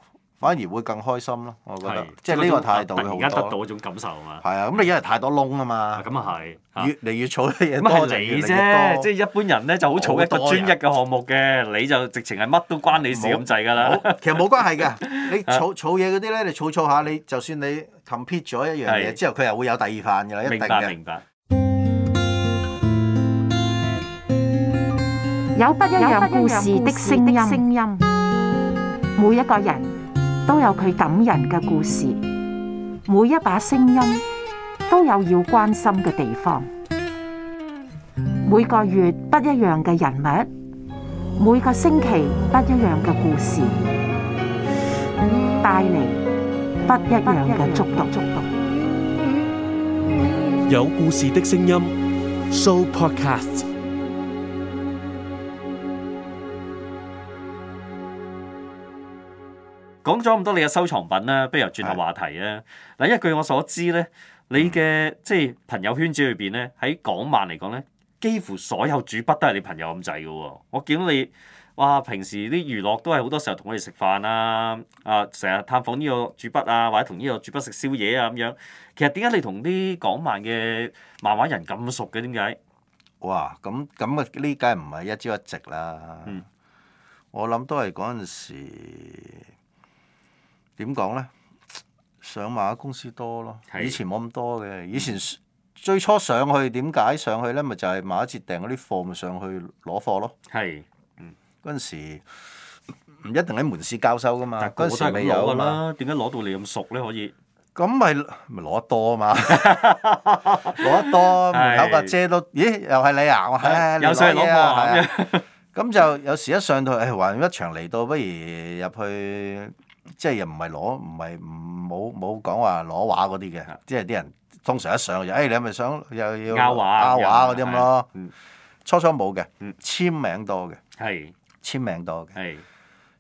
反而會更開心咯，我覺得，即係呢個態度，而家得到一種感受嘛。係啊，咁你因為太多窿啊嘛。咁啊係，越嚟越嘈嘅嘢多，越嚟越多。即係一般人咧就好嘈一個專一嘅項目嘅，你就直情係乜都關你事咁滯㗎啦。其實冇關係嘅，你嘈嘈嘢嗰啲咧，你嘈嘈下你，就算你 compete 咗一樣嘢之後，佢又會有第二份㗎啦，一定明白，有不一樣故事的聲音，每一個人。都有佢感人嘅故事，每一把聲音都有要關心嘅地方。每個月不一樣嘅人物，每個星期不一樣嘅故事，帶嚟不一樣嘅觸動。觸動有故事的聲音，Show Podcast。講咗咁多你嘅收藏品啦，不如由轉下話題啦。嗱是，因為據我所知咧，你嘅、嗯、即係朋友圈子裏邊咧，喺港漫嚟講咧，幾乎所有主筆都係你朋友咁滯㗎喎。我見到你哇，平時啲娛樂都係好多時候同佢哋食飯啊，啊，成日探訪呢個主筆啊，或者同呢個主筆食宵夜啊咁樣。其實點解你同啲港漫嘅漫畫人咁熟嘅？點解？哇！咁咁嘅呢，梗係唔係一朝一夕啦。嗯、我諗都係嗰陣時。點講咧？上馬嘅公司多咯，以前冇咁多嘅。以前最初上去點解上去咧？咪就係馬直接訂嗰啲貨咪上去攞貨咯。係，嗯，嗰陣時唔一定喺門市交收噶嘛。嗰陣時未有啊嘛。點解攞到你咁熟咧？可以？咁咪咪攞得多啊嘛！攞得多門口架車都，咦？又係你啊！我係啊，又想攞貨啊！咁就有時一上到誒，橫掂一場嚟到，不如入去。即係又唔係攞，唔係唔冇冇講話攞畫嗰啲嘅，即係啲人通常一上就，誒你係咪想又要勾畫畫嗰啲咁咯？初初冇嘅，簽名多嘅，係簽名多嘅，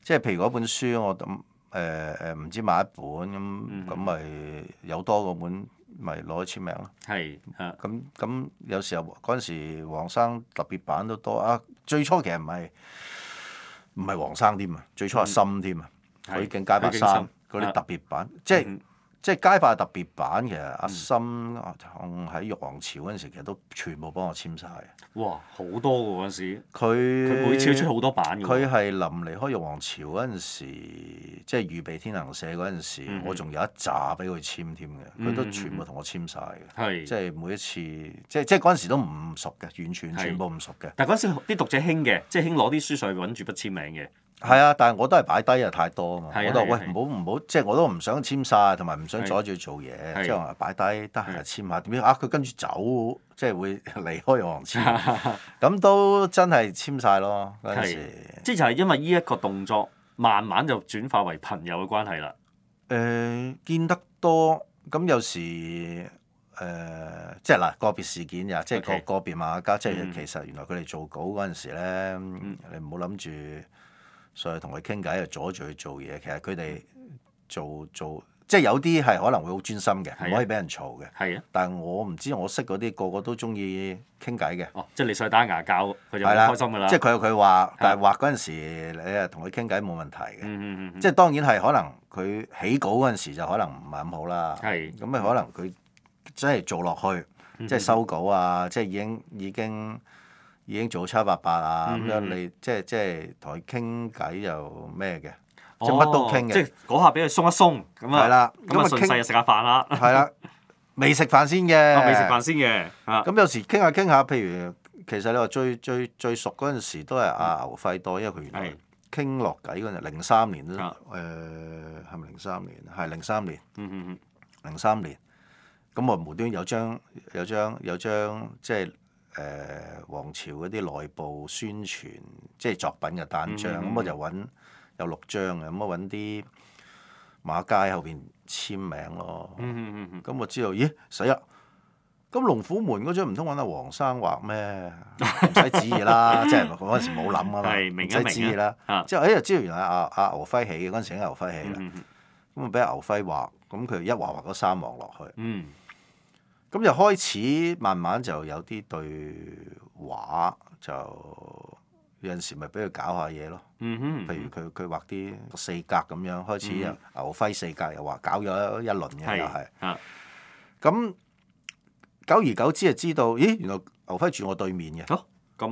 即係譬如嗰本書，我咁，誒誒唔知買一本咁咁咪有多個本，咪攞去簽名咯。係咁咁有時候嗰陣時黃生特別版都多啊，最初其實唔係唔係黃生添啊，最初係森添啊。佢勁《街霸三》嗰啲特別版，嗯、即係即係《街霸》特別版嘅。阿森喺《玉皇朝》嗰陣時，其實都全部幫我簽晒，哇！好多㗎嗰陣時。佢佢每次出好多版，佢係臨離開玉《玉皇朝》嗰陣時，即係預備天能《天行社》嗰陣時，我仲有一紮俾佢簽添嘅。佢、嗯、都全部同我簽晒，嘅、嗯。即係每一次，是即即嗰陣時都唔熟嘅，完全全部唔熟嘅。但嗰陣時啲讀者興嘅，即係興攞啲書上去揾住筆簽名嘅。係啊，但係我都係擺低啊，太多啊嘛。啊我話、啊啊、喂，唔好唔好，即係、就是、我都唔想簽晒，同埋唔想阻住做嘢。啊啊、之後話擺低，得閒簽下點樣啊？佢、啊、跟住走，即係會離開行簽。咁 (laughs) 都真係簽晒咯。嗰陣時、啊、即就係因為呢一個動作，慢慢就轉化為朋友嘅關係啦。誒、呃，見得多咁有時誒、呃，即係嗱個別事件也，即係個個別嘛。家姐，其實原來佢哋做稿嗰陣時咧，嗯、你唔好諗住。所以同佢傾偈又阻住佢做嘢，其實佢哋做做即係有啲係可能會好專心嘅，啊、唔可以俾人嘈嘅。啊、但係我唔知我識嗰啲個個都中意傾偈嘅。即係你想打牙交，佢就開心㗎啦。即係佢有佢話，但係畫嗰陣時、啊、你係同佢傾偈冇問題嘅。啊啊、即係當然係可能佢起稿嗰陣時就可能唔係咁好啦。咁咪可能佢真係做落去，即係收稿啊，即係已經已經。已經已經已經已經做七百八啊，咁樣你即係即係同佢傾偈又咩嘅，即係乜都傾嘅。即係嗰下俾佢鬆一鬆咁樣。係啦，咁啊傾下食下飯啦。係啦，未食飯先嘅。未食飯先嘅。咁有時傾下傾下，譬如其實你話最最最熟嗰陣時都係阿牛輝多，因為佢原來傾落偈嗰陣，零三年啦。啊。誒係咪零三年啊？係零三年。零三年，咁我無端有張有張有張即係。誒王朝嗰啲內部宣傳即係作品嘅單張，咁我就揾有六張嘅，咁我揾啲馬街後邊簽名咯。咁我知道，咦死啦！咁龍虎門嗰張唔通揾阿黃生畫咩？唔使旨意啦，即係嗰陣時冇諗啊嘛，唔使旨意啦。之後誒知道原來阿阿牛輝起嘅嗰陣時係牛輝起啦。咁啊俾阿牛輝畫，咁佢一畫畫咗三行落去。咁就開始慢慢就有啲對話，就有陣時咪俾佢搞下嘢咯。嗯、哼譬如佢佢畫啲四格咁樣，開始又牛輝四格又話搞咗一,一輪嘅又係咁、啊、久而久之就知道，咦原來牛輝住我對面嘅。咁、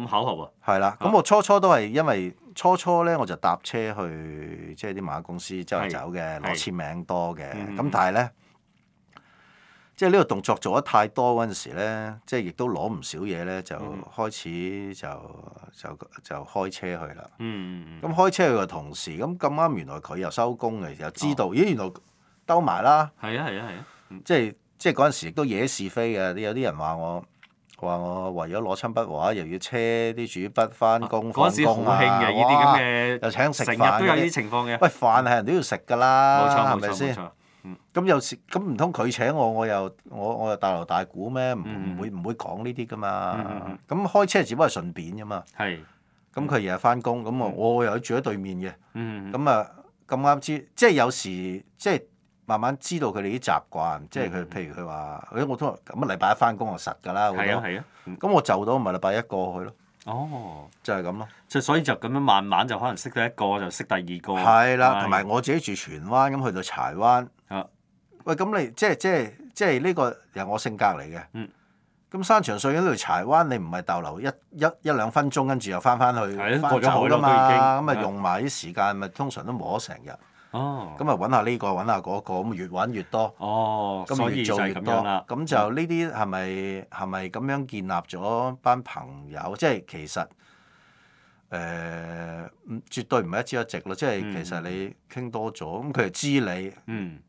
哦、巧合啊？係啦。咁、啊、我初初都係因為初初咧，我就搭車去即係啲馬公司周圍走嘅攞簽名多嘅。咁、嗯、但係咧。即係呢個動作做得太多嗰陣時咧，即係亦都攞唔少嘢咧，就開始就就就開車去啦。咁、嗯嗯、開車去嘅同時，咁咁啱原來佢又收工嘅時候知道、哦、咦原來兜埋啦。係啊係啊係啊！啊啊即係即係嗰陣時都惹是非嘅。有啲人話我話我為咗攞親筆畫，又要車啲主筆翻工。嗰、啊、時好興嘅呢啲咁嘅，哇這這又請食飯，都有呢啲情況嘅。喂，飯係人都要食㗎啦，冇錯，係咪先？咁有時咁唔通佢請我，我又我我又大鑼大鼓咩？唔唔會唔會講呢啲噶嘛？咁開車只不過係順便啫嘛。係。咁佢日日翻工，咁我我又住喺對面嘅。嗯。咁啊咁啱知，即係有時即係慢慢知道佢哋啲習慣。即係佢譬如佢話，誒我都咁啊，禮拜一翻工就實㗎啦。係啊係啊。咁我就到咪禮拜一過去咯。哦。就係咁咯。即係所以就咁樣慢慢就可能識得一個，就識第二個。係啦，同埋我自己住荃灣，咁去到柴灣。喂，咁你即係即係即係呢個又係我性格嚟嘅。咁山長水遠去柴灣，你唔係逗留一一一兩分鐘，跟住又翻翻去過咗嘛。咁咪用埋啲時間，咪通常都磨咗成日。哦。咁咪揾下呢個，揾下嗰個，咁越揾越多。哦。咪越做越多。咁就呢啲係咪係咪咁樣建立咗班朋友？即係其實誒，絕對唔係一朝一夕咯。即係其實你傾多咗，咁佢又知你。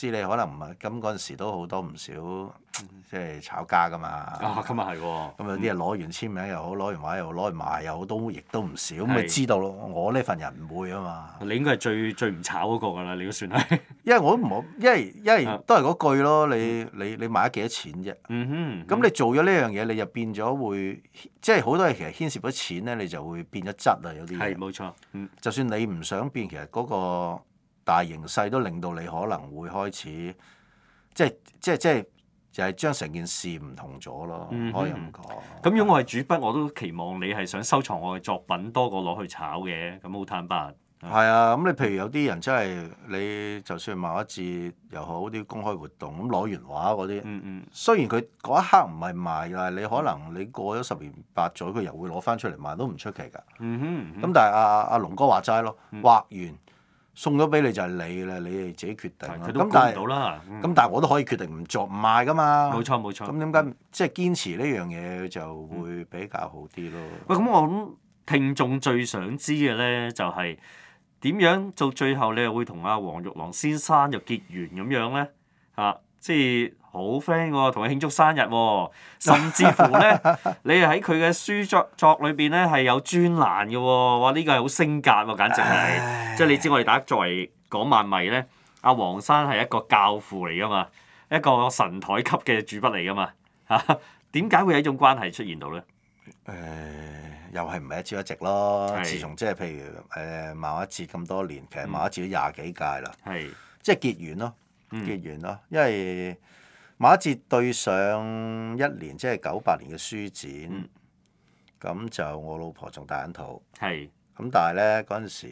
知你可能唔係咁，嗰陣時都好多唔少，即係炒家㗎嘛。啊，今日係喎。咁有啲人攞完簽名又好，攞完，完買又好，攞完賣又好，都亦都唔少。咁咪是 知道咯。我呢份人唔會啊嘛。你應該係最最唔炒嗰個㗎啦。你算都算係。因為我都唔好，因為因為都係嗰句咯。你你、嗯、你買咗幾多錢啫、嗯？嗯咁你做咗呢樣嘢，你就變咗會，即係好多嘢其實牽涉咗錢咧，你就會變咗質啊。有啲嘢係冇錯。就算你唔想變，其實嗰、那個。大形勢都令到你可能會開始，即即即就係將成件事唔同咗咯。可以咁講，咁、嗯、如果我係主筆，我都期望你係想收藏我嘅作品多過攞去炒嘅。咁好坦白。係啊，咁你譬如有啲人真係你就算賣一次又好，啲公開活動咁攞完畫嗰啲，嗯嗯雖然佢嗰一刻唔係賣，但係你可能你過咗十年八載，佢又會攞翻出嚟賣都唔出奇㗎。咁、嗯、哼但係阿阿阿龍哥話齋咯，畫完。完 送咗俾你就係、是、你啦，你哋自己決定啦。咁但係，咁、嗯、但係我都可以決定唔做唔賣噶嘛。冇錯冇錯。咁點解即係堅持呢樣嘢就會比較好啲咯？喂，咁我諗聽眾最想知嘅咧，就係點樣做最後你又會同阿黃玉郎先生又結緣咁樣咧？嚇、啊，即係。好 friend 喎，同佢、啊、慶祝生日喎、啊，甚至乎咧， (laughs) 你係喺佢嘅書作作裏邊咧係有專欄嘅喎、啊，哇！呢個係好升格喎、啊，簡直係，即係你知我哋大家作為港漫迷咧，阿黃生係一個教父嚟噶嘛，一個神台級嘅主筆嚟噶嘛，嚇，點解會有一種關係出現到咧？誒、呃，又係唔係一朝一夕咯？是 自從即係譬如誒漫畫節咁多年，其實漫畫節都廿幾屆啦，係、嗯嗯、即係結緣咯，結緣咯，因為。馬捷對上一年即係九八年嘅書展，咁、嗯、就我老婆仲大卵肚。係咁是但係咧嗰陣時，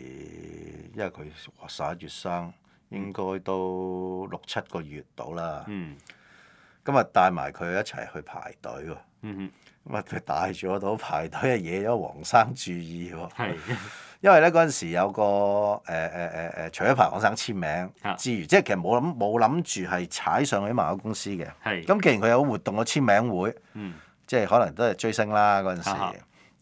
因為佢十一月生，應該都六七個月到啦、嗯嗯。嗯，咁啊帶埋佢一齊去排隊喎。嗯哼，咁啊佢帶咗到排隊啊，惹咗黃生注意喎。的 (laughs) 因為咧嗰陣時有個誒誒誒誒，除咗排黃生簽名之餘、啊、即係其實冇諗冇諗住係踩上去啲漫畫公司嘅。咁是既然佢有活動個簽名會，嗯、即係可能都係追星啦嗰陣時。咁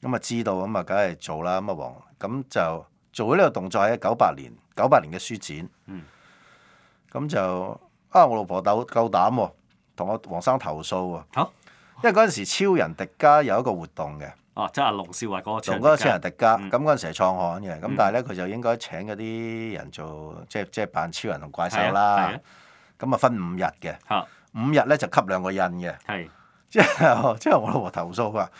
啊就知道咁啊，梗係做啦。咁啊黃咁就做咗呢個動作喺九八年，九八年嘅書展。咁、嗯、就啊，我老婆豆夠膽同、啊、我黃生投訴喎、啊。啊因為嗰陣時超人迪迦有一個活動嘅，哦，即阿龍少華嗰個龍嗰個超人迪迦，咁嗰陣時係創刊嘅，咁但係咧佢就應該請嗰啲人做，即係即係扮超人同怪獸啦。咁啊分五日嘅，五日咧就吸兩個印嘅，係之後之後我老婆投訴佢話：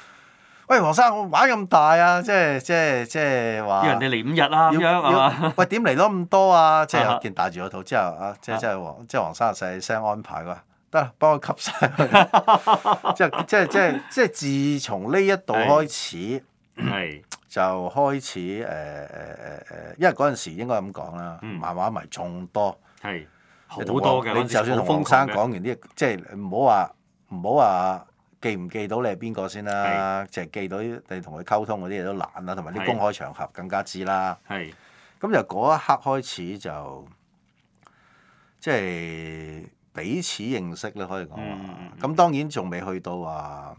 喂黃生我玩咁大啊！即係即係即係話要人哋嚟五日啦，啊嘛，喂點嚟到咁多啊？即係件戴住我肚之後啊，即係即係黃即係黃生細聲安排佢話。啊！幫我吸晒佢， (laughs) (laughs) 即係即係即係即係自從呢一度開始，就開始誒誒誒誒，因為嗰陣時應該咁講啦，漫畫迷眾多，好多嘅。你就算同黃生講完啲，即係唔好話唔好話記唔記到你係邊個先啦、啊？淨係是記到你同佢溝通嗰啲嘢都難啦，同埋啲公開場合更加知啦。咁由嗰一刻開始就即係。彼此認識咧，可以講啦。咁、嗯嗯、當然仲未去到話，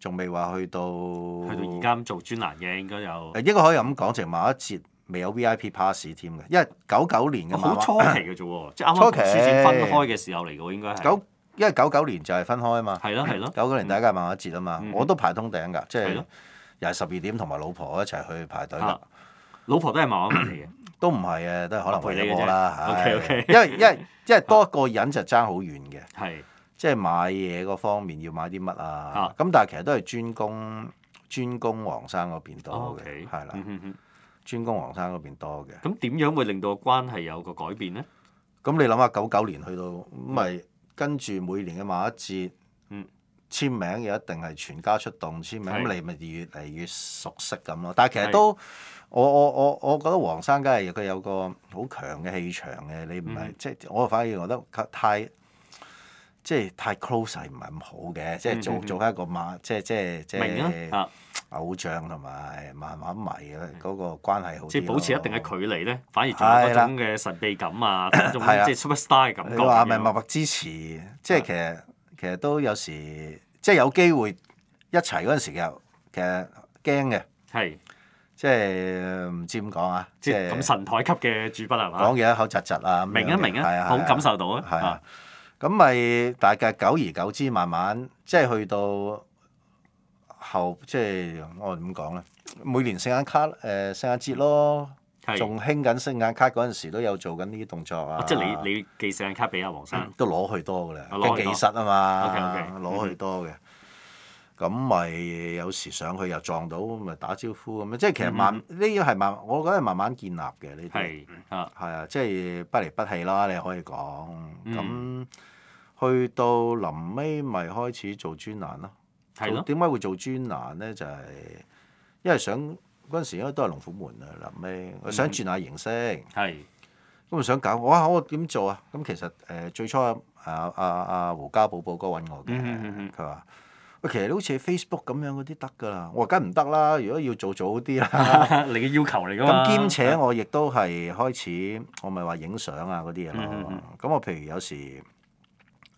仲未話去到。去到而家咁做專欄嘅應該有。誒應該可以咁講，淨係某一節未有 V I P pass 添嘅，因為九九年嘅嘛。好、哦、初期嘅啫喎， (laughs) 即係啱啱書展分開嘅時候嚟嘅喎，應該係。九期因為九九年就係分開啊嘛。係咯係咯。九九、嗯、年第一個某一節啊嘛，的我都排通頂㗎，嗯、即係又係十二點同埋老婆一齊去排隊啦。老婆都係某一期嘅。 (coughs) 都唔係嘅，都係可能為咗我啦，因為因為因為多一個人就爭好遠嘅，係即係買嘢嗰方面要買啲乜啊，咁但係其實都係專攻專攻黃生嗰邊多嘅，係啦，專攻黃生嗰邊多嘅。咁點樣會令到個關係有個改變咧？咁你諗下九九年去到，咁咪跟住每年嘅某一節，簽名嘅一定係全家出動簽名，咁你咪越嚟越熟悉咁咯。但係其實都。我我我我覺得黃生梗係佢有個好強嘅氣場嘅，你唔係、嗯、即係我反而覺得太即太 close 係唔係咁好嘅，嗯嗯、即係做做一個馬即即即、啊、偶像同埋慢慢迷嗰、嗰個關係好啲。即保持一定嘅距離咧，反而仲有嗰種嘅神秘感的啊，仲有即係 superstar 嘅感覺。你話咪默默支持，的即係其實的其實都有時即係有機會一齊嗰陣時又其實驚嘅。係的。即係唔知點講啊！即係咁神台級嘅主筆係嘛？講嘢一口窒窒啊！明啊明啊，好感受到啊！咁咪大概久而久之，慢慢即係去到後，即係我點講咧？每年聖誕卡誒聖誕節咯，仲興緊聖誕卡嗰陣時都有做緊呢啲動作啊！啊即係你你寄聖誕卡俾阿黃生，嗯、都攞去多㗎啦，跟技術啊嘛，攞去多嘅。啊 okay，嗯咁咪有時上去又撞到，咪打招呼咁樣。即係其實慢，呢啲係慢，我覺得係慢慢建立嘅呢啲。係啊，即係不離不棄啦，你可以講。咁去到臨尾，咪開始做專欄咯。係咯。點解會做專欄咧？就係因為想嗰陣時應該都係龍虎門啊，臨尾我想轉下形式。係。咁想搞，我我點做啊？咁其實誒最初阿阿阿胡家寶寶哥揾我嘅，佢話。其實你好似 Facebook 咁樣嗰啲得㗎啦，我梗唔得啦。如果要做早啲啦， (laughs) 你嘅要求嚟㗎嘛。咁兼且我亦都係開始，我咪話影相啊嗰啲嘢咯。咁、嗯、我譬如有時誒、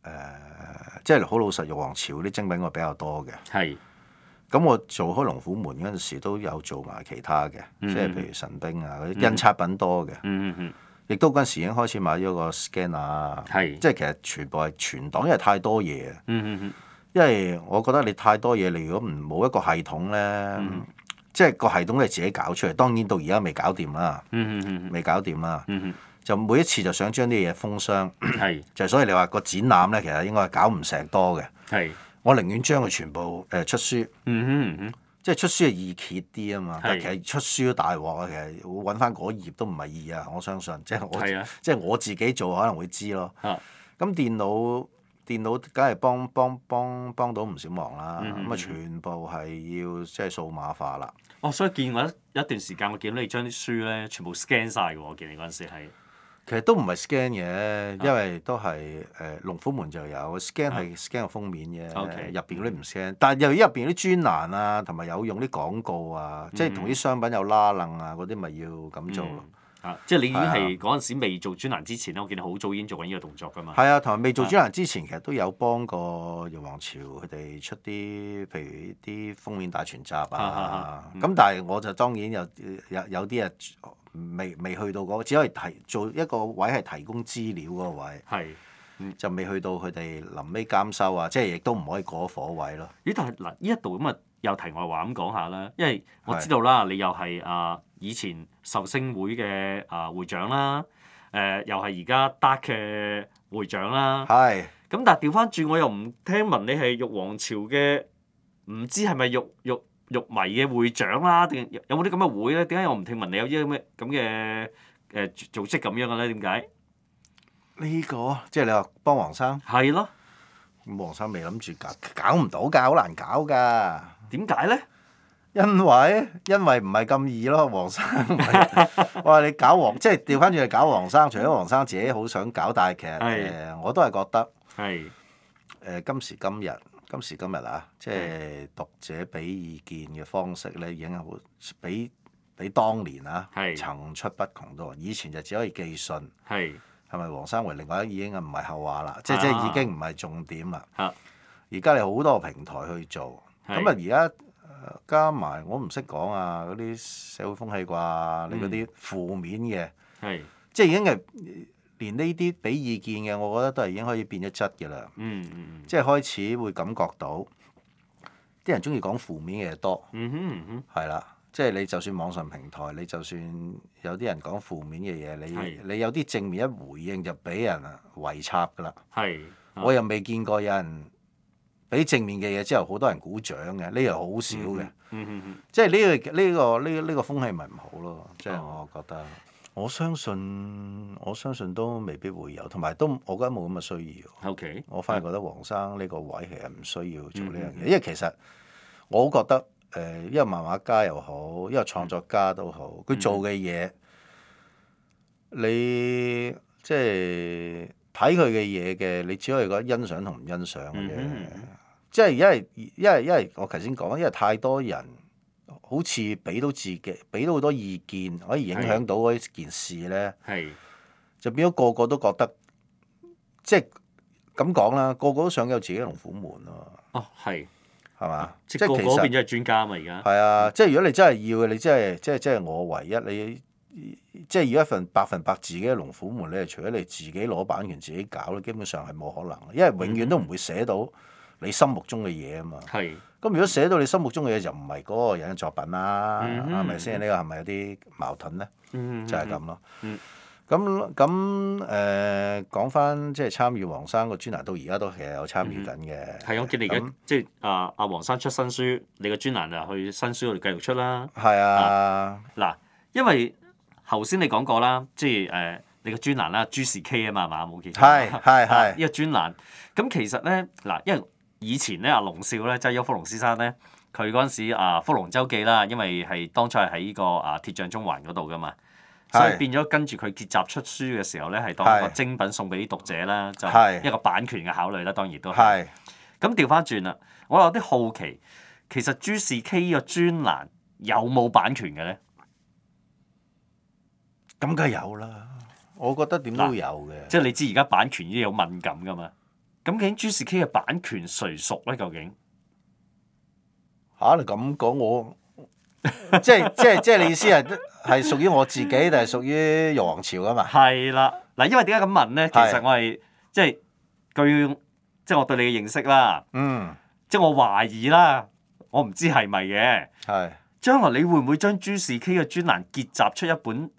呃，即係好老實，玉皇朝啲精品我比較多嘅。係是。咁我做開龍虎門嗰陣時都有做埋其他嘅，即係譬如神兵啊印刷品多嘅。亦、嗯嗯、都嗰陣時已經開始買咗個 scanner 啊。即係是其實全部係全檔，因為太多嘢。嗯因為我覺得你太多嘢，你如果唔冇一個系統咧，即係個系統你自己搞出嚟。當然到而家未搞掂啦，未搞掂啦。就每一次就想將啲嘢封箱，就所以你話個展覽咧，其實應該係搞唔成多嘅。我寧願將佢全部誒出書，即係出書係易揭啲啊嘛。但係其實出書都大鑊啊。其實揾翻嗰頁都唔係易啊。我相信即係我即係我自己做可能會知咯。咁電腦。電腦梗係幫幫幫幫到唔少忙啦，咁啊、嗯嗯、全部係要即係數碼化啦。哦，所以見我一一段時間，我見到你將啲書咧全部 scan 晒㗎喎，我見你嗰陣時係。其實都唔係 scan 嘅，因為都係誒、啊呃《龍虎門》就有 scan 係 scan 個封面嘅，入邊嗰啲唔 scan。Okay，嗯、但係由於入邊啲專欄啊，同埋有，有用啲廣告啊，嗯、即係同啲商品有拉楞啊，嗰啲咪要咁做咯。嗯。啊！即係你已經係嗰陣時未做專欄之前咧，我見你好早已經做緊呢個動作噶嘛。係啊，同埋未做專欄之前，其實都有幫過玉皇朝佢哋出啲譬如啲封面大全集啊。咁但係我就當然有有有啲啊，未未去到嗰個，只可以提做一個位係提供資料嗰個位。是就未去到佢哋臨尾監收啊，即係亦都唔可以過火位咯。咦？但係嗱，呢一度咁啊，又題外話咁講下啦，因為我知道啦，是你又係啊。以前壽星會嘅啊、呃、會長啦，誒、呃、又係而家 Dark 嘅會長啦，係咁 Hi. 但係調翻轉我又唔聽聞你係玉皇朝嘅，唔知係咪玉玉玉迷嘅會長啦？定有冇啲咁嘅會咧？點解我唔聽聞你有啲咁嘅咁嘅誒組織咁樣嘅咧？點解？呢個，即係你話幫黃生？係咯。黃生未諗住搞，搞唔到㗎，好難搞㗎。點解咧？因為因為唔係咁易咯，黃生，我話 (laughs) 你搞黃，即係調翻轉去搞黃生。除咗黃生自己好想搞大劇，但係其實誒我都係覺得，誒是、呃、今時今日，今時今日啊，即係讀者俾意見嘅方式咧，已經好比比當年啊，是層出不窮多。以前就只可以寄信，係咪黃生？為另外一已經唔係後話啦，是即係即係已經唔係重點啦。而家你好多平台去做，咁啊而家。現在 是加埋我唔識講啊！嗰啲社會風氣啩，嗯、你嗰啲負面嘅，是即係已經係連呢啲俾意見嘅，我覺得都係已經開始變咗質嘅啦。嗯嗯、即係開始會感覺到啲人中意講負面嘅嘢多。嗯係啦、嗯，即係你就算網上平台，你就算有啲人講負面嘅嘢，你是你有啲正面一回應就俾人圍插㗎啦。我又未見過有人。你正面嘅嘢之後，好多人鼓掌嘅，呢樣好少嘅。Mm hmm. 即係呢、呢個呢、呢個呢呢、呢個呢個風氣咪唔好咯。即係是我覺得，我相信我相信都未必會有，同埋都我覺得冇咁嘅需要。Okay. 我反而覺得黃生呢個位其實唔需要做呢樣嘢，mm hmm. 因為其實我覺得誒、呃，因為漫畫家又好，因為創作家都好，佢做嘅嘢，mm hmm. 你即係睇佢嘅嘢嘅，你只可以覺得欣賞同唔欣賞嘅啫。Mm hmm. 即係因為因為因為我頭先講，因為太多人好似俾到自己俾到好多意見，可以影響到一件事咧，就變咗個,個個都覺得，即係咁講啦，個個都想有自己嘅龍虎門咯。哦，係，係嘛吧是？即係變咗即係專家嘛？而家係啊！即係如果你真係要你真係即係即係我唯一你即係、就是、要一份百分百自己嘅龍虎門，你係除咗你自己攞版權自己搞，基本上係冇可能，因為永遠都唔會寫到。你心目中嘅嘢啊嘛，咁如果寫到你心目中嘅嘢就唔係嗰個人嘅作品啦，係咪先？呢個係咪有啲矛盾咧？就係咁咯。咁咁誒講翻即係參與黃生個專欄，到而家都其實有參與緊嘅。係我見你而家即係阿阿黃生出新書，你個專欄就去新書嗰度繼續出啦。係啊，嗱，因為頭先你講過啦，即係誒你個專欄啦，G、S、K 啊嘛，係嘛，冇記錯。係係係，呢個專欄咁其實咧嗱，因為以前咧，阿龍少咧，即係邱福龍先生咧，佢嗰陣時啊，福龍周記啦，因為係當初係喺依個啊鐵匠中環嗰度噶嘛，是所以變咗跟住佢結集出書嘅時候咧，係當一個精品送俾啲讀者啦，是就一個版權嘅考慮啦，當然都係。咁調翻轉啦，我有啲好奇，其實豬屎 K 依個專欄有冇版權嘅咧？咁梗係有啦，我覺得點都有嘅。即係你知而家版權已經有敏感噶嘛？咁究竟朱士 K 嘅版權誰屬咧？究竟吓，你咁講我， (laughs) 即係即係即係你意思係係屬於我自己定係屬於玉皇朝噶嘛？係啦，嗱，因為點解咁問咧？是其實我係即係據即係我對你嘅認識啦。嗯，即係我懷疑啦，我唔知係咪嘅。係是。將來你會唔會將朱士 K 嘅專欄結集出一本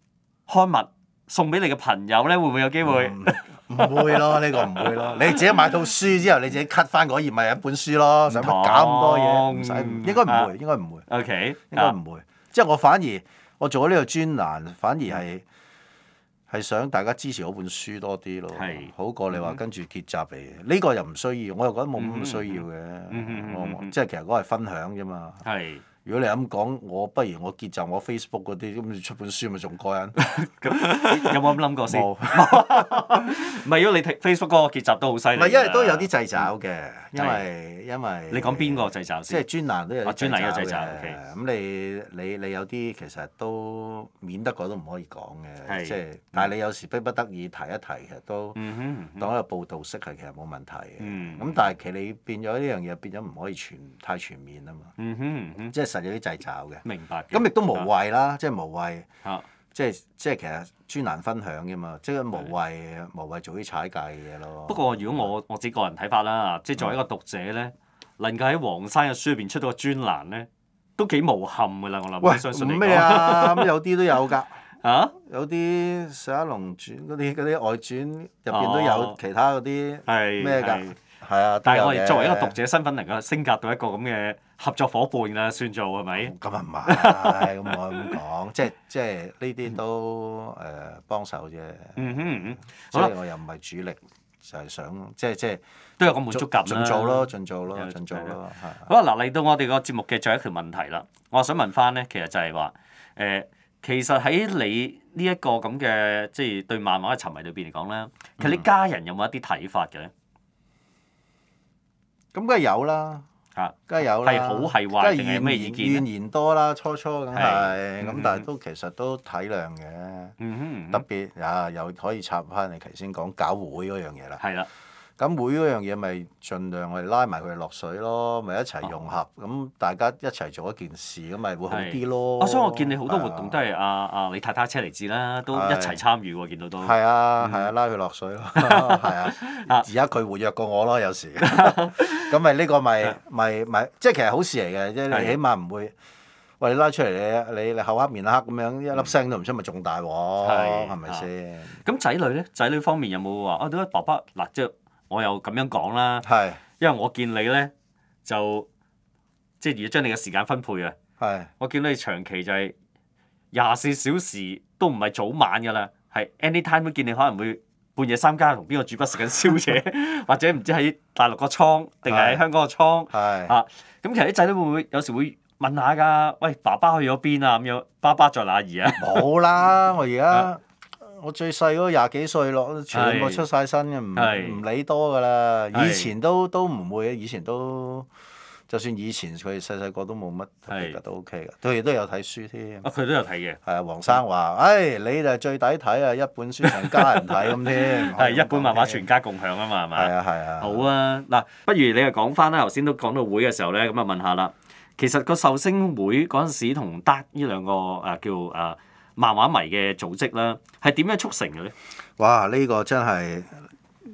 刊物送俾你嘅朋友咧？會唔會有機會？嗯唔 (laughs) 會咯，呢個唔會咯。你自己買套書之後，你自己 cut 翻嗰頁咪一本書咯。使乜同搞咁多嘢？唔使，應該唔會，應該唔會。啊、OK，應該唔會。即係我反而，我做咗呢個專欄，反而係係、嗯、想大家支持嗰本書多啲咯。是好過你話、嗯、跟住結集嚟。呢個又唔需要，我又覺得冇咁需要嘅、嗯。嗯，嗯，嗯，嗯我即係其實嗰係分享啫嘛。是如果你咁講，我不如我結集我 Facebook 嗰啲，咁出本書咪仲過癮？有冇咁諗過先？唔係，如果你 Facebook 嗰個結集都好犀利。唔係，因為都有啲掣肘嘅，因為因為。你講邊個掣肘先？即係專欄都有專欄有掣肘嘅。咁你你你有啲其實都免得過都唔可以講嘅，即係。但係你有時逼不得已提一提，其實都當一個報道式係其實冇問題嘅。咁但係其實你變咗呢樣嘢，變咗唔可以全太全面啊嘛。即係。實有啲製造嘅，明白。咁亦都無謂啦，即係無謂，即係即係其實專欄分享啫嘛，即係無謂無謂做啲踩界嘅嘢咯。不過如果我我自己個人睇法啦，即係作為一個讀者咧，能夠喺黃山嘅書入邊出到個專欄咧，都幾無憾噶啦。我諗。喂，信啲咩啊？咁有啲都有㗎。嚇！有啲《雙龍傳》嗰啲嗰啲外傳入邊都有其他嗰啲咩㗎？係啊，但係我哋作為一個讀者身份，能夠升格到一個咁嘅合作伙伴啦，算做係咪？咁啊唔係，咁我咁講，即係即係呢啲都誒、呃、幫手啫。嗯哼嗯哼，所以我又唔係主,、嗯嗯、主力，就係、是、想即係即係都有個滿足感啦。盡做咯，盡做咯，盡做咯。好啦，嚟到我哋個節目嘅最後一條問題啦，我想問翻咧，其實這這就係話誒，其實喺你呢一個咁嘅即係對漫畫嘅沉迷裏面嚟講咧，其實你家人有冇一啲睇法嘅？Mm. 咁梗係有啦，梗係有啦。係好係壞定係咩意見咧？怨言多啦，初初梗係咁，但係咁，但係都其實都體諒嘅。嗯哼嗯哼。特別啊，又可以插翻你頭先講搞會嗰樣嘢啦。係啦。咁每一樣嘢咪盡量我哋拉埋佢哋落水咯，咪一齊融合，咁大家一齊做一件事，咁咪會好啲咯。啊，所以我見你好多活動都係阿阿你太太車厘子啦，都一齊參與喎，見到都。係啊，係啊，拉佢落水咯。係啊，而家佢活躍過我咯，有時。咁咪呢個咪咪咪，即係其實好事嚟嘅，即係你起碼唔會喂你拉出嚟，你你後黑面黑咁樣一粒聲都唔出，咪仲大鑊，係咪先？咁仔女咧，仔女方面有冇話啊？點解爸爸嗱即？我又咁樣講啦，因為我見你咧就即係如果將你嘅時間分配啊，是我見到你長期就係廿四小時都唔係早晚㗎喇，係 anytime 都見你可能會半夜三更同邊個煮不食緊宵夜， (laughs) 或者唔知喺大陸個倉定係喺香港個倉，嚇咁是、啊、其實啲仔女會唔會有時會問下㗎？喂爸爸去咗邊？啊咁樣，爸爸在哪兒啊？冇啦，我而家。啊我最細嗰個廿幾歲咯，全部出晒身嘅，唔唔是理多噶啦是。以前都都唔會以前都就算以前佢細細個都冇乜，其實都 O K 嘅，佢亦都有睇書添。佢都有睇嘅。係啊，黃生話：，誒的、哎，你就最抵睇啊！一本書，全家人睇咁添。係 (laughs) 一本漫畫，全家共享啊嘛，係咪？係啊，係啊。好啊，嗱，不如你又講翻啦。頭先都講到會嘅時候咧，咁啊問下啦。其實個壽星會嗰陣時同得呢兩個誒叫誒。啊啊啊啊啊漫畫迷嘅組織啦，係點樣促成嘅咧？哇！呢、呢個真係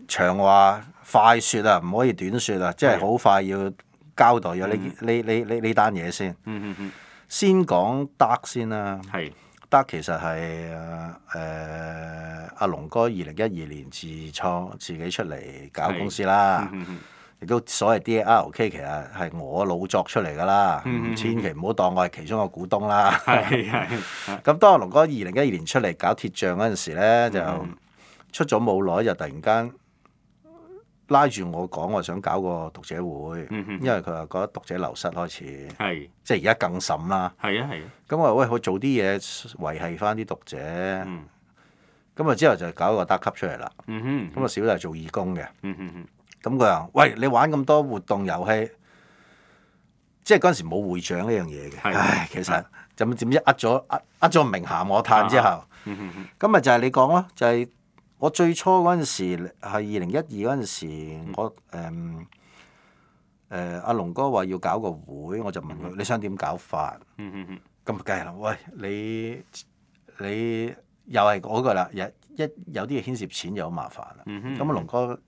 長話快説啊，唔可以短説啊，是即係好快要交代咗呢呢呢呢單嘢先。嗯、哼哼先講 Dark 先啦、啊。係是。Dark 其實係誒阿龍哥二零一二年自創自己出嚟搞公司啦。亦都所謂 DAROK 其實係我老作出嚟噶啦，嗯、千祈唔好當我係其中個股東啦。咁當阿龍哥二零一二年出嚟搞鐵匠嗰陣時咧，嗯、就出咗冇耐，就突然間拉住我講我想搞個讀者會，嗯、因為佢話覺得讀者流失開始，是即係而家更甚啦。係啊，咁話喂，我做啲嘢維係翻啲讀者。咁啊、嗯、之後就搞個得級出嚟啦。咁啊、嗯嗯、小弟做義工嘅。嗯嗯咁佢話，喂，你玩咁多活動遊戲，即係嗰陣時冇會長呢樣嘢嘅。唉，其實就點知呃咗呃呃咗名下我探之後，咁咪就係你講咯，就係我最初嗰陣時係二零一二嗰陣時，我誒誒阿龍哥話要搞個會，我就問佢你想點搞法？咁咪梗係啦，喂你你又係嗰個啦，一有啲嘢牽涉錢就好麻煩啦。咁阿龍哥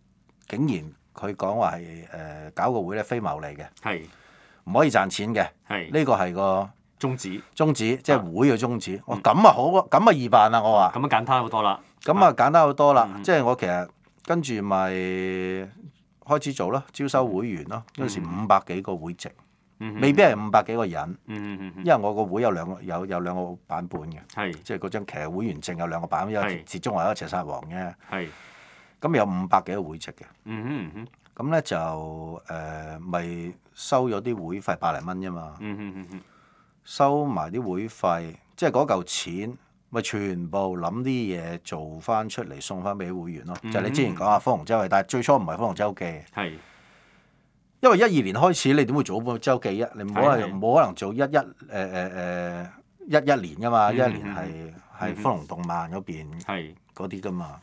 竟然～佢講話係誒搞個會咧，非牟利嘅，係唔可以賺錢嘅，係呢個係個宗旨，宗旨即係會嘅宗旨。哦，咁啊好喎，咁啊易辦啦，我話。咁啊簡單好多啦。咁啊簡單好多啦，即係我其實跟住咪開始做咯，招收會員咯。嗰陣時五百幾個會籍，未必係五百幾個人。嗯嗯嗯。因為我個會有兩個有有兩個版本嘅，係即係嗰張誒會員證有兩個版本，有赤中華，有赤砂王嘅。係。咁有五百幾個會籍嘅，咁咧就誒咪收咗啲會費百零蚊啫嘛，收埋啲會費，即係嗰嚿錢咪全部諗啲嘢做翻出嚟送翻俾會員咯。就係你之前講阿風龍周記，但係最初唔係風龍周記，因為一二年開始你點會做部周記啊？你冇係冇可能做一一誒誒誒一一年噶嘛？一一年係係風龍動漫嗰邊嗰啲噶嘛？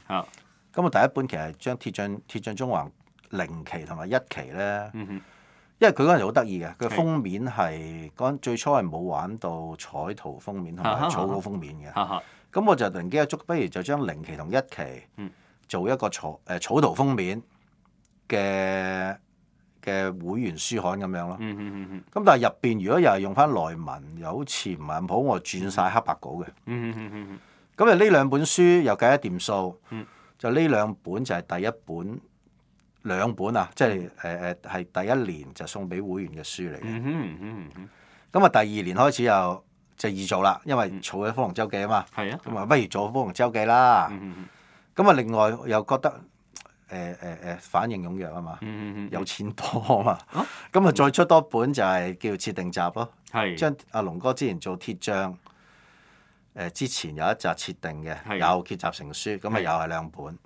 咁我第一本其實將鐵匠鐵匠中環零期同埋一期咧，因為佢嗰陣時好得意嘅，佢封面係嗰陣最初係冇玩到彩圖封面同埋草稿封面嘅。咁我就靈機一觸，不如就將零期同一期做一個草誒草圖封面嘅嘅會員書刊咁樣咯。咁但係入邊如果又係用翻內文，又好似唔係咁好，我轉晒黑白稿嘅。咁啊，呢兩本書又計得掂數。就呢兩本就係第一本兩本啊，即係誒誒係第一年就送俾會員嘅書嚟嘅。咁啊，第二年開始又就易做啦，因為儲咗《風龍周記》啊嘛。咁啊，不如做《風龍周記》啦。咁啊，另外又覺得誒誒誒反應踴躍啊嘛，有錢多啊嘛。咁啊，再出多本就係叫設定集咯。係。將阿龍哥之前做鐵匠。誒之前有一集設定嘅，有結集成書，咁咪又係兩本。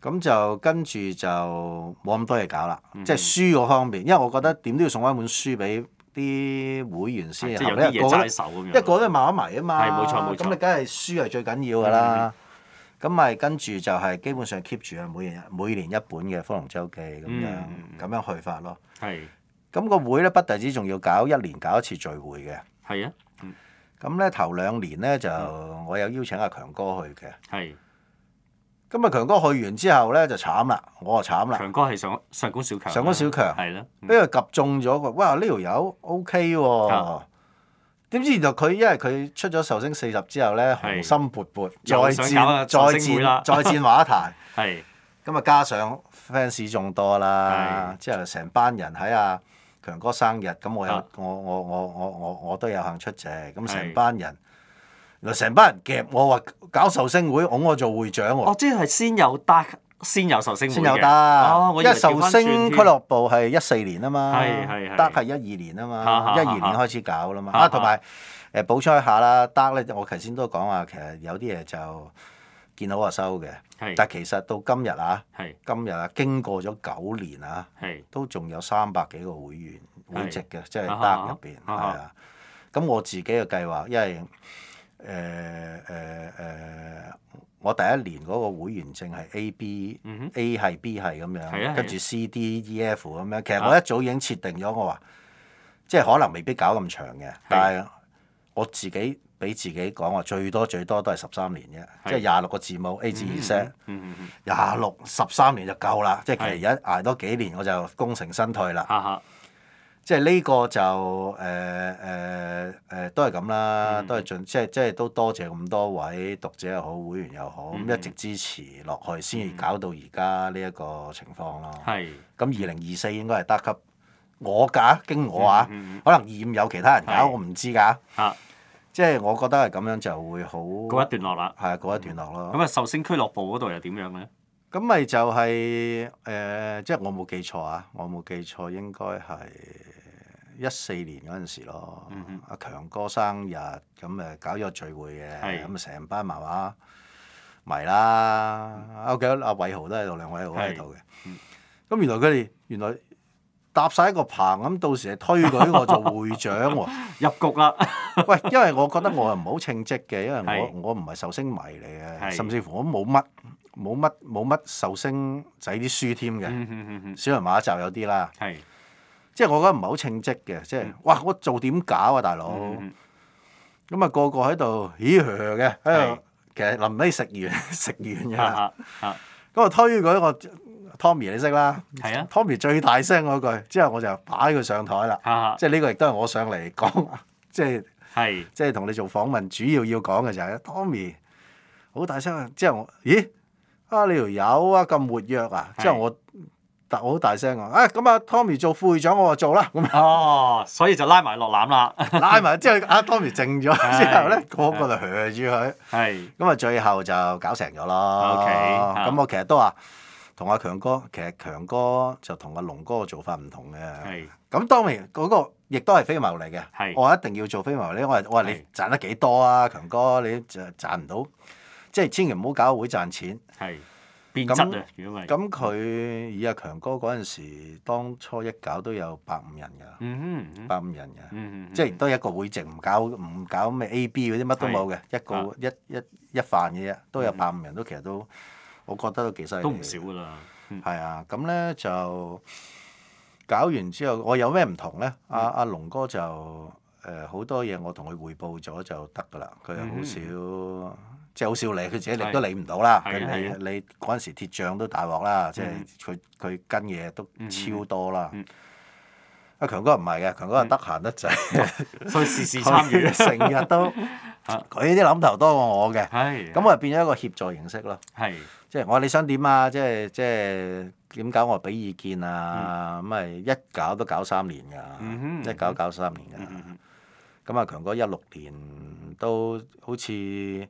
咁就跟住就冇咁多嘢搞啦。即係書嗰方面，因為我覺得點都要送翻本書俾啲會員先。即係有啲嘢齋手一個個都係買埋啊嘛。咁你梗係書係最緊要㗎啦。咁咪跟住就係基本上 keep 住每年每年一本嘅《風雲周記》咁樣咁樣去法咯。係。咁個會咧不但止仲要搞一年搞一次聚會嘅。係啊。咁咧頭兩年咧就我有邀請阿強哥去嘅，係是。咁阿強哥去完之後咧就慘啦，我就慘啦。強哥係上上官小，小強，上官小強係咯，因為及中咗喎，哇呢條友 O K 喎。點知原來佢因為佢出咗《壽星四十》之後咧，雄心勃勃，的再戰再，再戰再戰話題。係 (laughs) 的。咁啊加上 fans 眾多啦，的的之後成班人喺啊。強哥生日咁，我有我我我我我都有幸出席。咁成班人，原來成班人夾我話搞壽星會，擁我做會長喎。我知係先有得，先有壽星會先有得，因為壽星俱樂部係一四年啊嘛，得係一二年啊嘛，一二年開始搞啦嘛。啊，同埋誒補充一下啦，得咧，我頭先都講話，其實有啲嘢就見好就收嘅。但其實到今日啊，今日啊經過咗九年啊，都仲有三百幾個會員會籍嘅，即係得入邊係啊。咁我自己嘅計劃，因為誒誒誒，我第一年嗰個會員證係 A、B、A 係 B 係咁樣，跟住 C、D、E、F 咁樣。其實我一早已經設定咗，我話即係可能未必搞咁長嘅，但係。我自己俾自己講話最多最多都係十三年啫，即係廿六個字母 A 字至 Z，廿六十三年就夠啦。即係其實而家捱多幾年我就功成身退啦。即係呢個就誒誒誒都係咁啦，都係盡即係即都多謝咁多位讀者又好會員又好咁一直支持落去先至搞到而家呢一個情況咯。咁二零二四應該係得級我㗎，經我啊，可能二五有其他人搞我唔知㗎。即係我覺得係咁樣就會好過一段落啦，係啊過一段落咯。咁啊壽星俱樂部嗰度又點樣咧？咁咪就係、是、誒、呃，即係我冇記錯啊，我冇記錯應該係一四年嗰陣時咯。阿、嗯、哼強哥生日，咁誒搞咗個聚會嘅，咁啊成班漫畫迷啦。我記得阿偉豪都係同兩位喺度嘅。咁原來佢哋原來。搭曬一個棚咁，到時推舉我做會長喎，入局啦！喂，因為我覺得我唔係好稱職嘅，因為我我唔係壽星迷嚟嘅，甚至乎我都冇乜冇乜冇乜壽星仔啲書添嘅，小人馬一集有啲啦，即係我覺得唔係好稱職嘅，即係哇！我做點搞啊，大佬咁啊個個喺度，咦嘅喺度，其實臨尾食完食完嘅，咁我推舉我。Tommy 你識啦，Tommy 最大聲嗰句，之後我就擺佢上台啦，即係呢個亦都係我上嚟講，即係即係同你做訪問主要要講嘅就係 Tommy 好大聲，之後我咦啊你條友啊咁活躍啊，之後我我好大聲啊，誒咁啊 Tommy 做副會長我就做啦，咁哦所以就拉埋落攬啦，拉埋之後阿 Tommy 靜咗之後咧，個個就賀住佢，係咁啊最後就搞成咗咯，OK 咁我其實都話。同阿強哥，其實強哥就同阿龍哥嘅做法唔同嘅。咁當然嗰個亦都係非牟利嘅。我一定要做非牟利，因為我話你賺得幾多啊？強哥，你賺唔到，即係千祈唔好搞會賺錢。係。變質啊！咁佢以阿強哥嗰陣時，當初一搞都有百五人㗎。百五人㗎。即係都一個會籍，唔搞唔搞咩 A、B 嗰啲乜都冇嘅，一個一一一飯嘢都有百五人都其實都。我覺得都幾犀利。都唔少噶啦。係啊，咁咧就搞完之後，我有咩唔同咧？阿阿、嗯啊、龍哥就誒好、呃、多嘢，我同佢匯報咗就得噶啦。佢又好少，即係好少理，佢自己理都理唔到啦。佢的理，的你嗰陣時鐵將都大鑊啦，即係佢佢跟嘢都超多啦。阿強哥唔係嘅，強哥又得閒得滯，哥哥所以 (laughs) 事事參與，成笑整日都。 (laughs) (laughs) 佢啲諗頭多過我嘅，咁是是 我就變咗一個協助形式咯。即係是是 我話你想點啊？即係即係點搞？我俾意見啊。咁咪、嗯嗯、一搞都搞三年㗎，即、嗯、哼搞搞三年㗎。咁阿、嗯嗯嗯、哼強哥一六年都好似即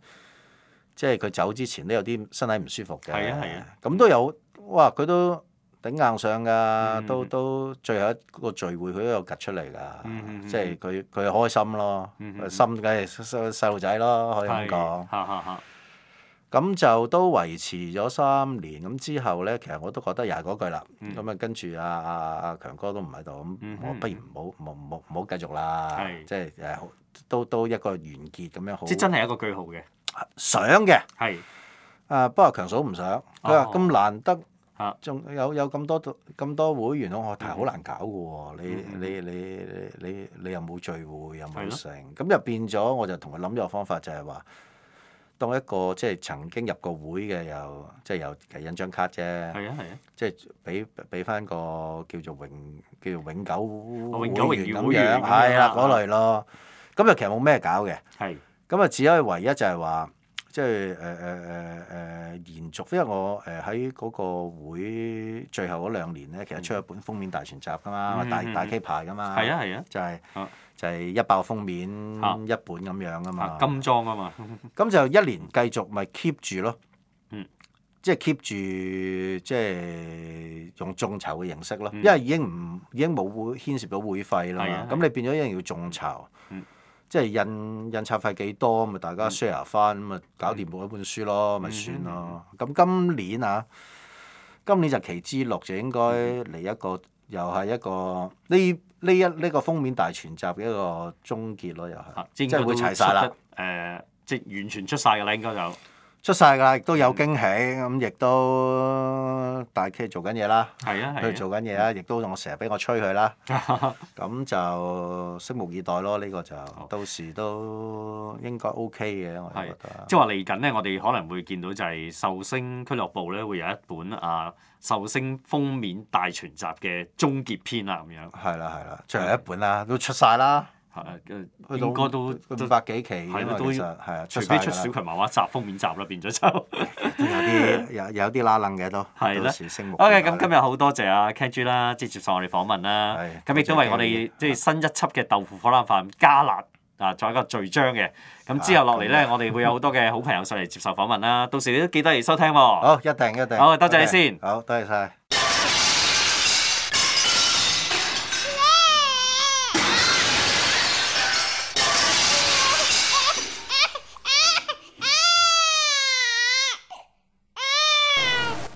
係佢走之前都有啲身體唔舒服嘅。咁、啊啊嗯、都有哇！佢都。頂硬上㗎，都都最後一個聚會，佢都有趌出嚟㗎，即係佢佢開心咯，心梗係細路仔咯，可以咁講。咁就都維持咗三年，咁之後咧，其實我都覺得又係嗰句啦。咁啊，跟住阿阿阿強哥都唔喺度，咁我不如唔好唔好唔好繼續啦，即係誒，都都一個完結咁樣好。即真係一個句號嘅。想嘅係，啊不過阿強嫂唔想，佢話咁難得，仲有有咁多咁多會員，我話太好難搞嘅喎！你你你你你又冇聚會，又冇成，咁的就變咗。我就同佢諗咗個方法，就係、是、話當一個即係曾經入過會嘅，又即係又印張卡啫。即係俾俾翻個叫做永叫做永久會員咁樣，係啦嗰類咯。咁又、啊、其實冇咩搞嘅。係的。咁啊，只可以唯一就係話。即係誒誒誒誒延續，因為我誒喺嗰個會最後嗰兩年咧，其實出一本封面大全集㗎嘛，大大 K 牌㗎嘛，就係就係一包封面一本咁樣㗎嘛，金裝㗎嘛，咁就一年繼續咪 keep 住咯，即係 keep 住即係用眾籌嘅形式咯，因為已經唔已經冇牽涉到會費啦嘛，咁你變咗一定要眾籌，即係印印刷費幾多，咪大家 share 翻，咁啊、嗯、搞掂嗰一本書咯，咪、嗯、算咯。咁、嗯、今年啊，今年就奇之六就應該嚟一個，嗯、又係一個呢呢一呢個封面大全集嘅一個終結咯，又係、啊、即係會齊晒啦。誒、呃，即完全出晒㗎啦，應該就。出曬㗎，亦都有驚喜，咁亦都大家 K 做緊嘢啦。係啊，係、啊。佢做緊嘢啦，亦都常常我成日俾我催佢啦。咁 (laughs) 就拭目以待咯，呢、這個就好到時都應該 OK 嘅。我覺得。即係話嚟緊咧，就是、我哋可能會見到就係、是《壽星俱樂部》咧，會有一本啊《壽星封面大全集》嘅終結篇啦，咁樣。係啦係啦，最後一本啦、啊，都出晒啦。誒，應該都五百幾期，其實係啊，除非出小群漫畫集、封面集啦，變咗就有啲有啲拉冷嘅都，係啦，OK，咁今日好多謝阿 k a n 豬啦，即係接受我哋訪問啦。咁亦都為我哋即係新一輯嘅豆腐火腩飯加辣啊，作為一個序章嘅。咁之後落嚟咧，我哋會有好多嘅好朋友上嚟接受訪問啦。到時你都記得嚟收聽喎。好，一定一定。好，多謝你先。好多謝晒。